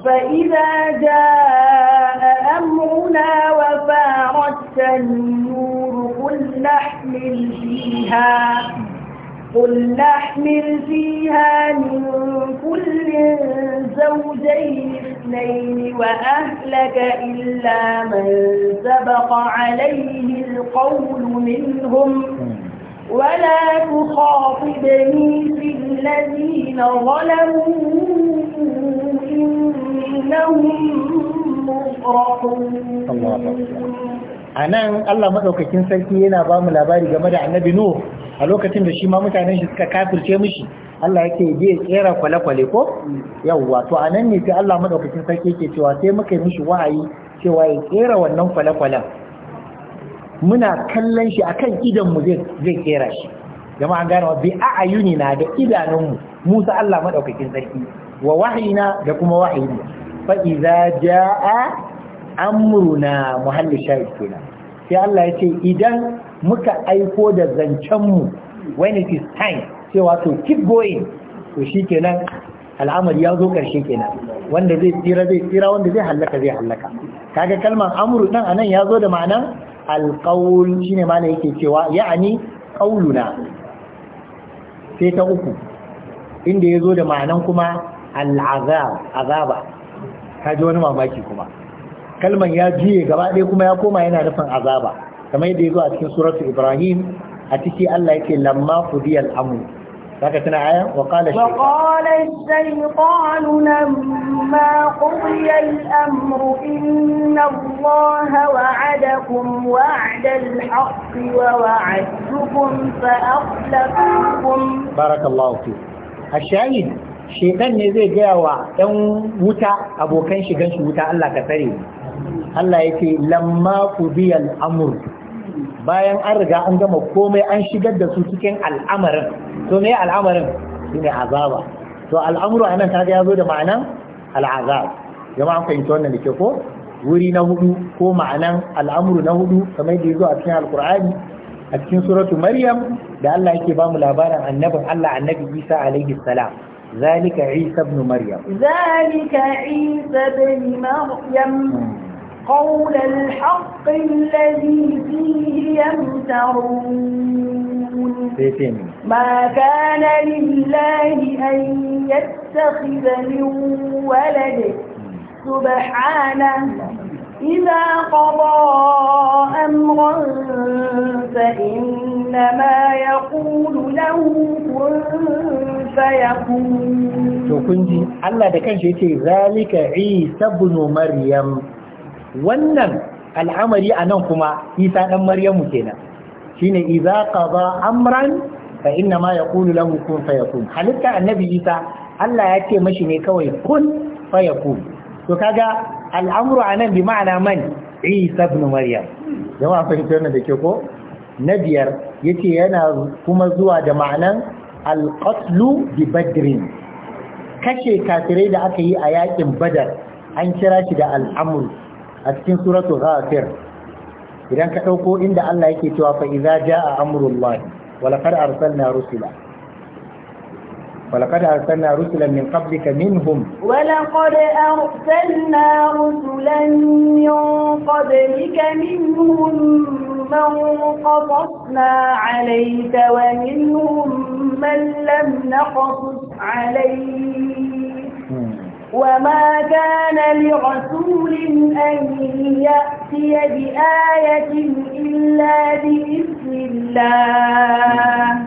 فإذا جاء أمرنا وفارت النور قل نحمل فيها قل نحمل فيها من كل زوجين اثنين وأهلك إلا من سبق عليه القول منهم ولا تخاطبني في الذين ظلموا a nan Allah maɗaukakin sarki yana ba mu labari game da annabi Nuh a lokacin da shi ma mutanen shi suka kafirce mishi Allah yake je tsera kwale-kwale ko yawwa to a nan ne sai Allah maɗaukakin sarki yake cewa sai muka yi mishi wa'ayi cewa ya tsera wannan kwale-kwalen muna kallon shi akan idan mu zai tsera shi jama'a gane wa bi ayuni na da idanunmu Musa Allah maɗaukakin sarki wa wahina da kuma wahayina fa'iza ja'a amruna muhalli shahid kenan sai Allah ya ce idan muka aiko da zancenmu when it is time sai to keep going to shi kenan al'amari ya zo ƙarshe kenan wanda zai tsira zai tsira wanda zai hallaka zai hallaka kaga kalmar amru ɗan anan ya zo da ma'anan alƙaul shine ma'ana yake cewa ya'ani qauluna sai ta uku inda ya zo da ma'anan kuma al'azab azaba ka ji wani mamaki kuma kalman ya juye gaba ɗaya kuma ya koma yana nufin azaba kamar yadda ya zo a cikin suratu ibrahim a ciki allah yake lamma kudiyal amru zaka tana aya wa qala shaytan wa qala shaytan lamma qudiya amru inna allaha wa'adakum wa'da al wa wa'adtukum fa akhlaftukum barakallahu fiik الشاهد shekan ne zai gaya wa ɗan wuta abokan shigan shi wuta Allah ka tsare Allah ya ce lamma ku biyan amur bayan an riga an gama komai an shigar da su cikin al'amarin to me al'amarin ne azaba to al'amru anan kaga ya zo da ma'anan al'azab jama'an fahimci wannan da ke ko wuri na hudu ko ma'anan al'amuru na hudu kamar da ya zo a cikin alkur'ani a cikin suratu maryam da Allah yake ba mu labarin annabin Allah annabi Isa alaihi salam ذلك عيسى بن مريم ذلك عيسى بن مريم قول الحق الذي فيه يمترون ما كان لله أن يتخذ من ولده سبحانه إذا قضى أمرا فإنما يقول له كن فيكون to kun ji Allah da kanshi yace zalika Isa ibn Maryam wannan al'amari anan kuma Isa dan Maryamu kenan shine idza qada amran fa inna ma yaqulu lahu kun fayakun halitta annabi Isa Allah ya ce mashi ne kawai kun fayakun to kaga al'amru anan bi ma'ana man Isa ibn Maryam jama'a fahimta wannan da ke ko na biyar yace yana kuma zuwa da ma'anan al-qatlu bi badrin kashe kafirai da aka yi a yakin badar an kira shi da al'amru a cikin suratu ghafir idan ka dauko inda Allah yake cewa fa idza jaa amrullahi wa laqad arsalna rusula ولقد أرسلنا رسلا من قبلك منهم ولقد أرسلنا رسلا من قبلك منهم من قصصنا عليك ومنهم من لم نقصص عليك وما كان لرسول أن يأتي بآية إلا بإذن الله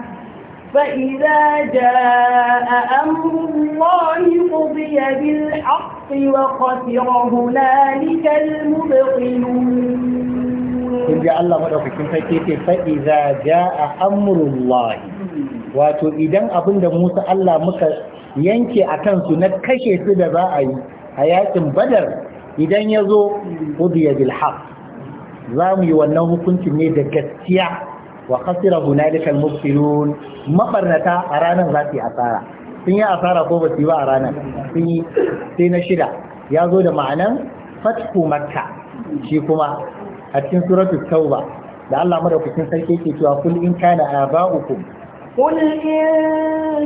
فإذا جاء أمر الله قضي بالحق وخسر هنالك المبطلون kun ji Allah maɗaukakin sarki ce fa'iza ja a amurullahi wato idan abin da Musa Allah muka yanke a kansu na kashe su da za a yi a yakin badar idan ya zo ƙudiya bilhaq za mu yi wannan hukuncin ne da gaskiya wa khasira hunalikal mubtilun mabarnata a ranar za su yi asara sun yi asara ko ba su yi ba a ranar sun yi sai na shida ya zo da ma'anan fatku makka shi kuma a cikin suratu tauba da Allah madaukakin sarki ke cewa kul in kana aba'ukum قل إن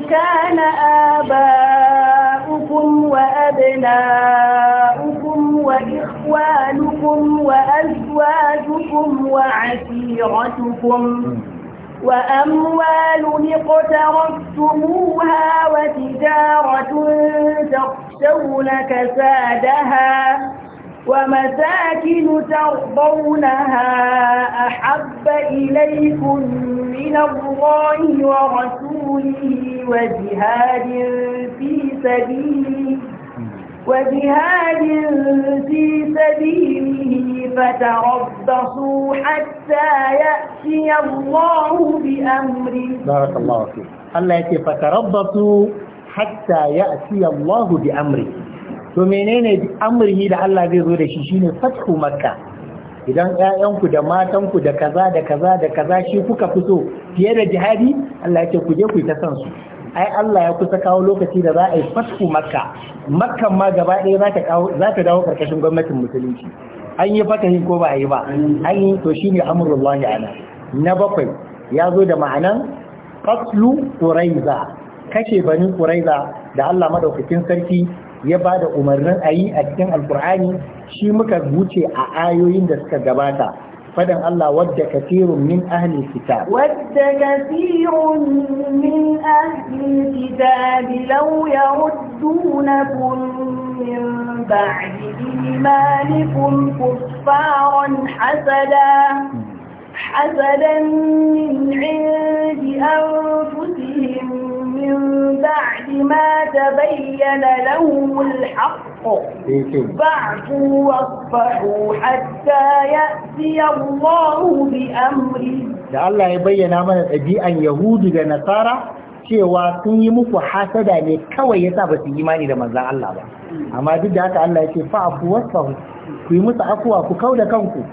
كان آباؤكم وأبناؤكم وإخوانكم وأزواجكم وعشيرتكم وأموال اقترفتموها وتجارة تخشون كسادها ومساكن ترضونها أحب إليكم من الله ورسوله وجهاد في سبيله وجهاد في سبيله فتربصوا حتى يأتي الله بأمره بارك الله فيك الله يكي فتربصوا حتى يأتي الله بأمره ومنين بأمره لعل ذي ذو رشيشين فتح مكة idan ƴaƴanku da matanku da kaza da kaza da kaza shi kuka fito fiye da jihadi Allah ya ce ku je ku ta san su ai Allah ya kusa kawo lokaci da za a yi fasku makka makka ma gaba ɗaya za ta dawo karkashin gwamnatin musulunci an yi fatahin ko ba a yi ba an yi to shine amrullah ya ana na bakwai ya zo da ma'anan faslu quraiza kashe bani quraiza da Allah madaukakin sarki ya ba da umarnin ayi a cikin alkur'ani shi muka wuce a ayoyin da suka gabata فدن الله ود كثير من أهل الكتاب ود كثير من أهل الكتاب لو يردونكم من بعد إيمانكم كفارا حسدا حسدا من عند أنفسهم من بعد ما تبين لهم الحق فاعفوا واصفحوا حتى يأتي الله بأمره da Allah ya bayyana mana ɗabi'an Yahudu da Nasara cewa sun yi muku hasada ne kawai yasa ba su imani da manzan Allah ba amma duk da haka Allah ya ce fa afu wasfahu ku yi musu afuwa ku kau da kanku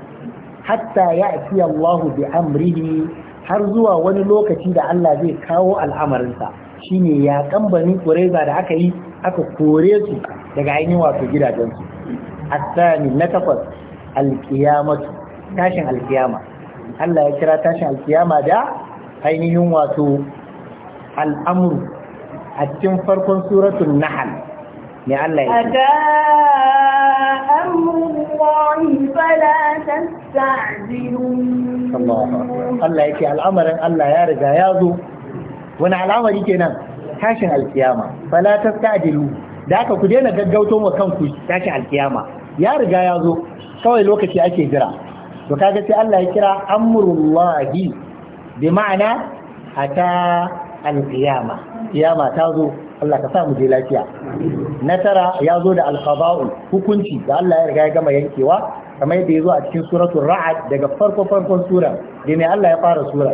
hatta ya fi Allahu bi amrihi har zuwa wani lokaci da Allah zai kawo al'amarinsa shine yaƙan bani ƙureza da aka yi aka kore su daga ainihin wato gidajensu asani na takwas alkiyamatu tashin alkiyama Allah ya kira tashin alkiyama da ainihin wato al'amuru a cikin farkon suratun nahal ne Allah ya kira Allah ya ce al'amarin Allah ya riga ya zo wani al'amari kenan tashin alkiyama fala tastajilu da aka ku daina gaggauto wa kanku tashin alkiyama ya riga ya zo kawai lokaci ake jira to kaga sai Allah ya kira amrullahi bi ma'ana ata alkiyama kiyama ta zo Allah ka sa mu je lafiya na ya zo da alqada'u hukunci da Allah ya riga ya gama yankewa kamar yadda ya zo a cikin suratul ra'ad daga farko farkon sura da mai Allah ya fara sura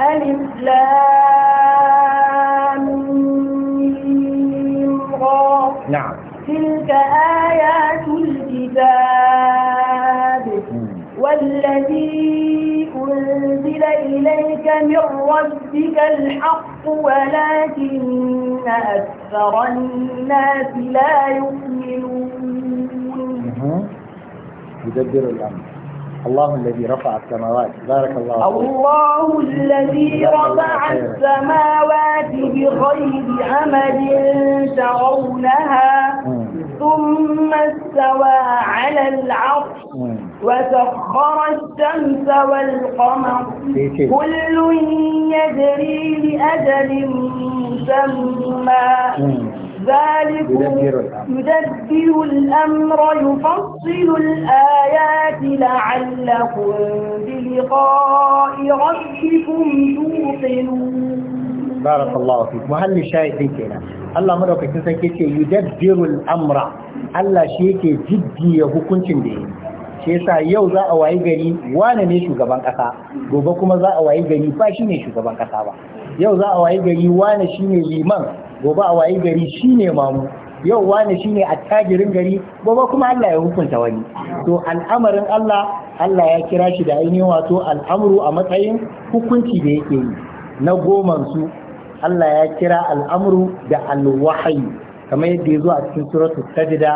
ألف لام را نعم تلك آيات الكتاب والذي أنزل إليك من ربك الحق ولكن أكثر الناس لا يؤمنون يدبر الأمر الله الذي رفع السماوات بارك الله الله الذي رفع السماوات بغير عمد ترونها ثم استوى على العرش وسخر الشمس والقمر كل يجري لأجل مسمى ذلكم يدبر الأمر يفصل الآيات لعلكم بلقاء ربكم توقنون بارك الله فيك وهل الشاهد كنا الله مدوك تنسك يدبر الأمر الله شيك جدي يهكون تندين shi yasa yau za a wayi gari wane ne shugaban kasa gobe kuma za a wayi gari ba shi ne shugaban kasa ba yau za a wayi gari wane shi ne liman gobe a wayi gari shi ne mamu yau wani shi shine attajirin gari gobe kuma Allah ya hukunta wani to al'amarin Allah Allah ya kira shi da ainihin wato al'amru a matsayin hukunci da yake yi na goman su Allah ya kira al'amru da alwahayi kamar yadda ya zo a cikin suratul sajda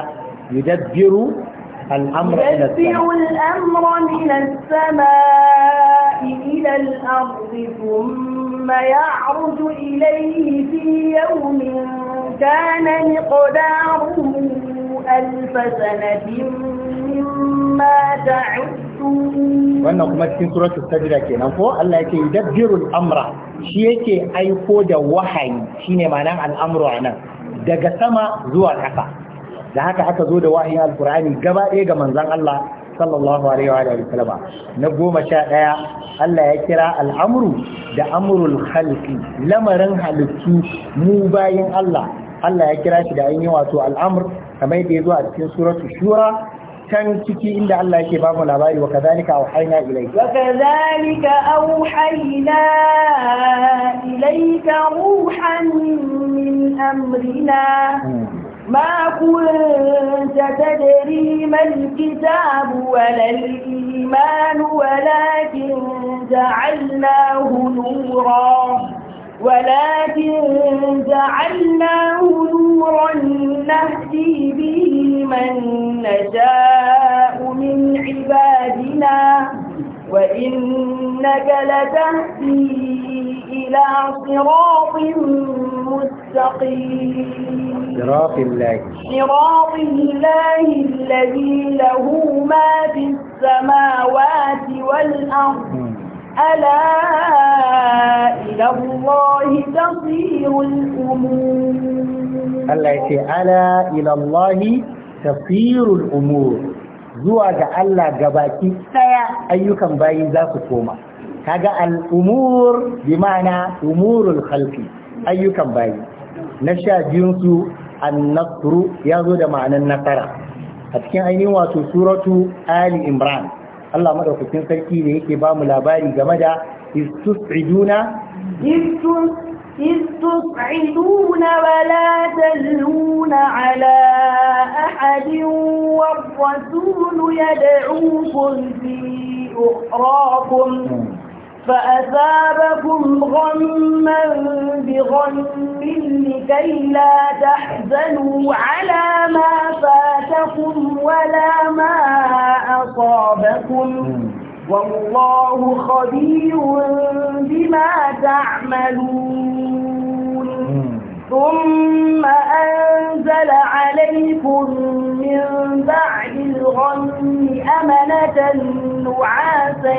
yudabbiru الأمر إلى السماء الأمر من إلى الأرض ثم يعرج إليه في يوم كان مقداره ألف سنة مما تعدون wannan kuma cikin suratul sajda kenan ko Allah yake yudabbirul amra shi yake aiko da wahayi shine ma'anar al'amru anan daga sama zuwa ƙasa da haka aka zo da wahayin alkur'ani gaba ɗaya ga manzon Allah sallallahu alaihi wa alihi na goma sha ɗaya Allah ya kira al'amru da amrul khalqi lamarin halittu mu bayin Allah Allah ya kira shi da an yi wato al'amr kamar yadda ya zo a cikin suratul shura can ciki inda Allah yake ba mu labari wa kadhalika auhayna ilayka wa kadhalika auhayna ilayka amrina hmm. ما كنت تدري ما الكتاب ولا الإيمان ولكن جعلناه نورا ولكن جعلناه نورا نهدي به من نشاء من عبادنا وإنك لتهدي إلى صراط مستقيم صراط الله صراط الله الذي له ما في السماوات والأرض ألا إلى الله تصير الأمور الله يقول ألا إلى الله تصير الأمور zuwa ga Allah gabaki ɗaya ayyukan bayi za su koma kaga al'umur bi ma'ana umurul khalqi ayyukan bayi na sha biyun su an ya zo da ma'anan nasara a cikin ainihin wato suratu ali imran Allah maɗaukacin sarki ne yake ba mu labari game da istus'iduna istus إذ تصعدون ولا تلون على أحد والرسول يدعوكم في أخراكم فأثابكم غما بغم لكي لا تحزنوا على ما فاتكم ولا ما أصابكم والله خبير بما تعملون ثم أنزل عليكم من بعد الغم أمنة نعاسا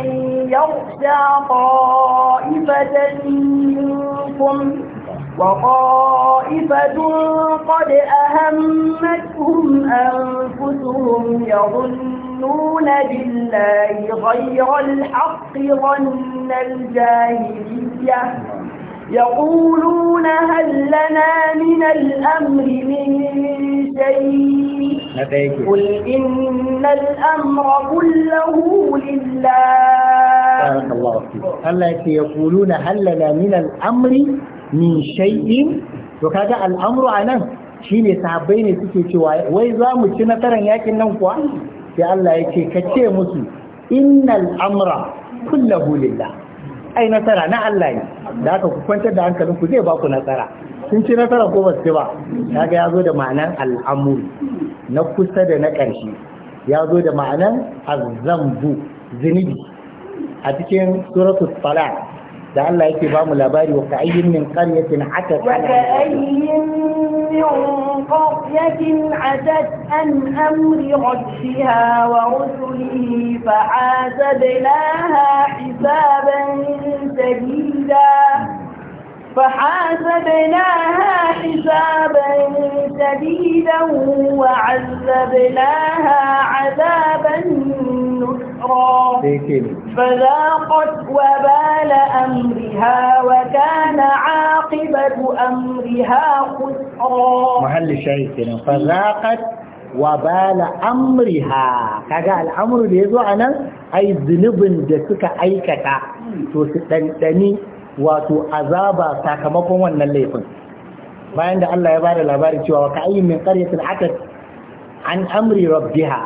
يغشى طائفة منكم وطائفة قد أهمتهم أنفسهم يظنون يظنون بالله غير الحق ظن الجاهلية يقولون هل لنا من الأمر من شيء قل إن الأمر كله لله بارك الله يقولون هل لنا من الأمر من شيء وكذا الأمر عنه shine sahabbai ne suke cewa wai za mu ci nasarar yakin nan kuwa sai Allah ya ce ka ce musu innal amra kullahu lillah ai nasara na Allah ne da aka ku kwantar da hankalin ku zai ba ku nasara sun ci nasara ko ba su ba kaga ya da ma'anar al'amur na kusa da na ƙarshe ya zo da ma'anar azambu zinibi a cikin suratul salat لعله يأتي بهم الأباري وكأي من قرية عتت وكأي من قرية عتت أن أمر ربها ورسله فعاذبناها حسابا شديدا فحاسبناها حسابا شديدا وعذبناها عذابا نكرا فذاقت وبال أمرها وكان عاقبة أمرها خسرا محل الشيء فذاقت وبال أمرها كذا الأمر اللي يزوى أنا أي ذنب دسك أي aikata to wato azaba sakamakon wannan laifin bayan da Allah ya bada labari cewa wa ka'ayyin min qaryatin atat an amri rabbiha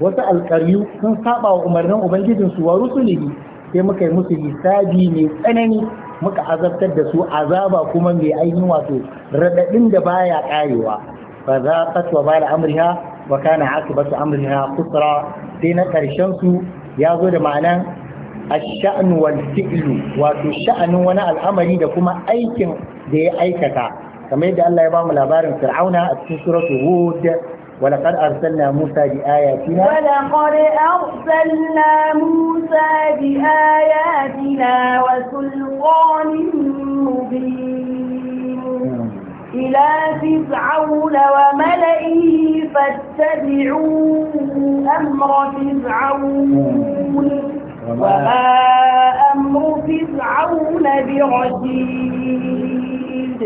wasu alƙaryu sun saba wa umarnin ubangijin su wa rusulihi sai muka yi musu hisabi mai tsanani muka azabtar da su azaba kuma mai ainihin wato radadin da baya karewa fa za fatwa bala amriha wa kana akibatu amriha kusra sai na karshen su ya zo da ma'anan ash-sha'n wal fi'l wato sha'anin wani al'amari da kuma aikin da ya aikata kamar da Allah ya bamu labarin Fir'auna a cikin suratul Hud ولقد أرسلنا موسى بآياتنا ولقد أرسلنا موسى بآياتنا وسلطان مبين إلى فرعون وملئه فاتبعوا أمر فرعون وما أمر فرعون برشيد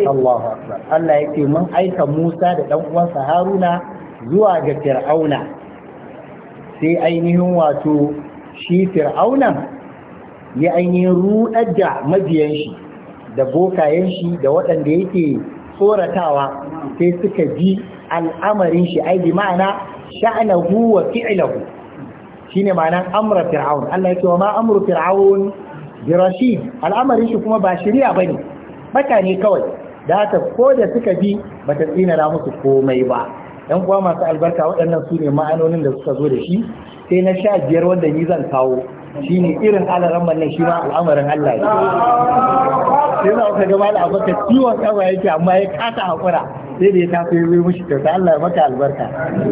الله أكبر الله يكي من أيك موسى لأنه هارون زواج فرعون sai ainihin wato shi fir'aunan ya ainihin ruɗar da mabiyan shi da bokayen shi da waɗanda yake tsoratawa sai suka ji al'amarin shi ai bi ma'ana sha'anahu wa fi'lahu Shi ne ma'anan amra fir'aun Allah ya ce wa ma amru fir'aun bi rashid al'amarin shi kuma ba shari'a bane baka ne kawai da haka ko da suka bi bata da musu komai ba yan kuwa masu albarka waɗannan su ne ma'anonin da suka zo da shi sai na sha biyar wanda ni zan kawo shi ne irin alaran nan shi ma al'amarin Allah ne sai za ka ga mala abaka ciwon kama yake amma ya kasa haƙura, sai da ya tafi yi mushi kyauta Allah ya maka albarka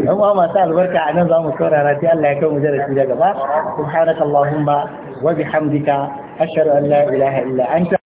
Yan uwa masu albarka a nan za mu saurara sai Allah ya kai mu darasi da gaba subhanakallahumma wa bihamdika ashhadu an la ilaha illa anta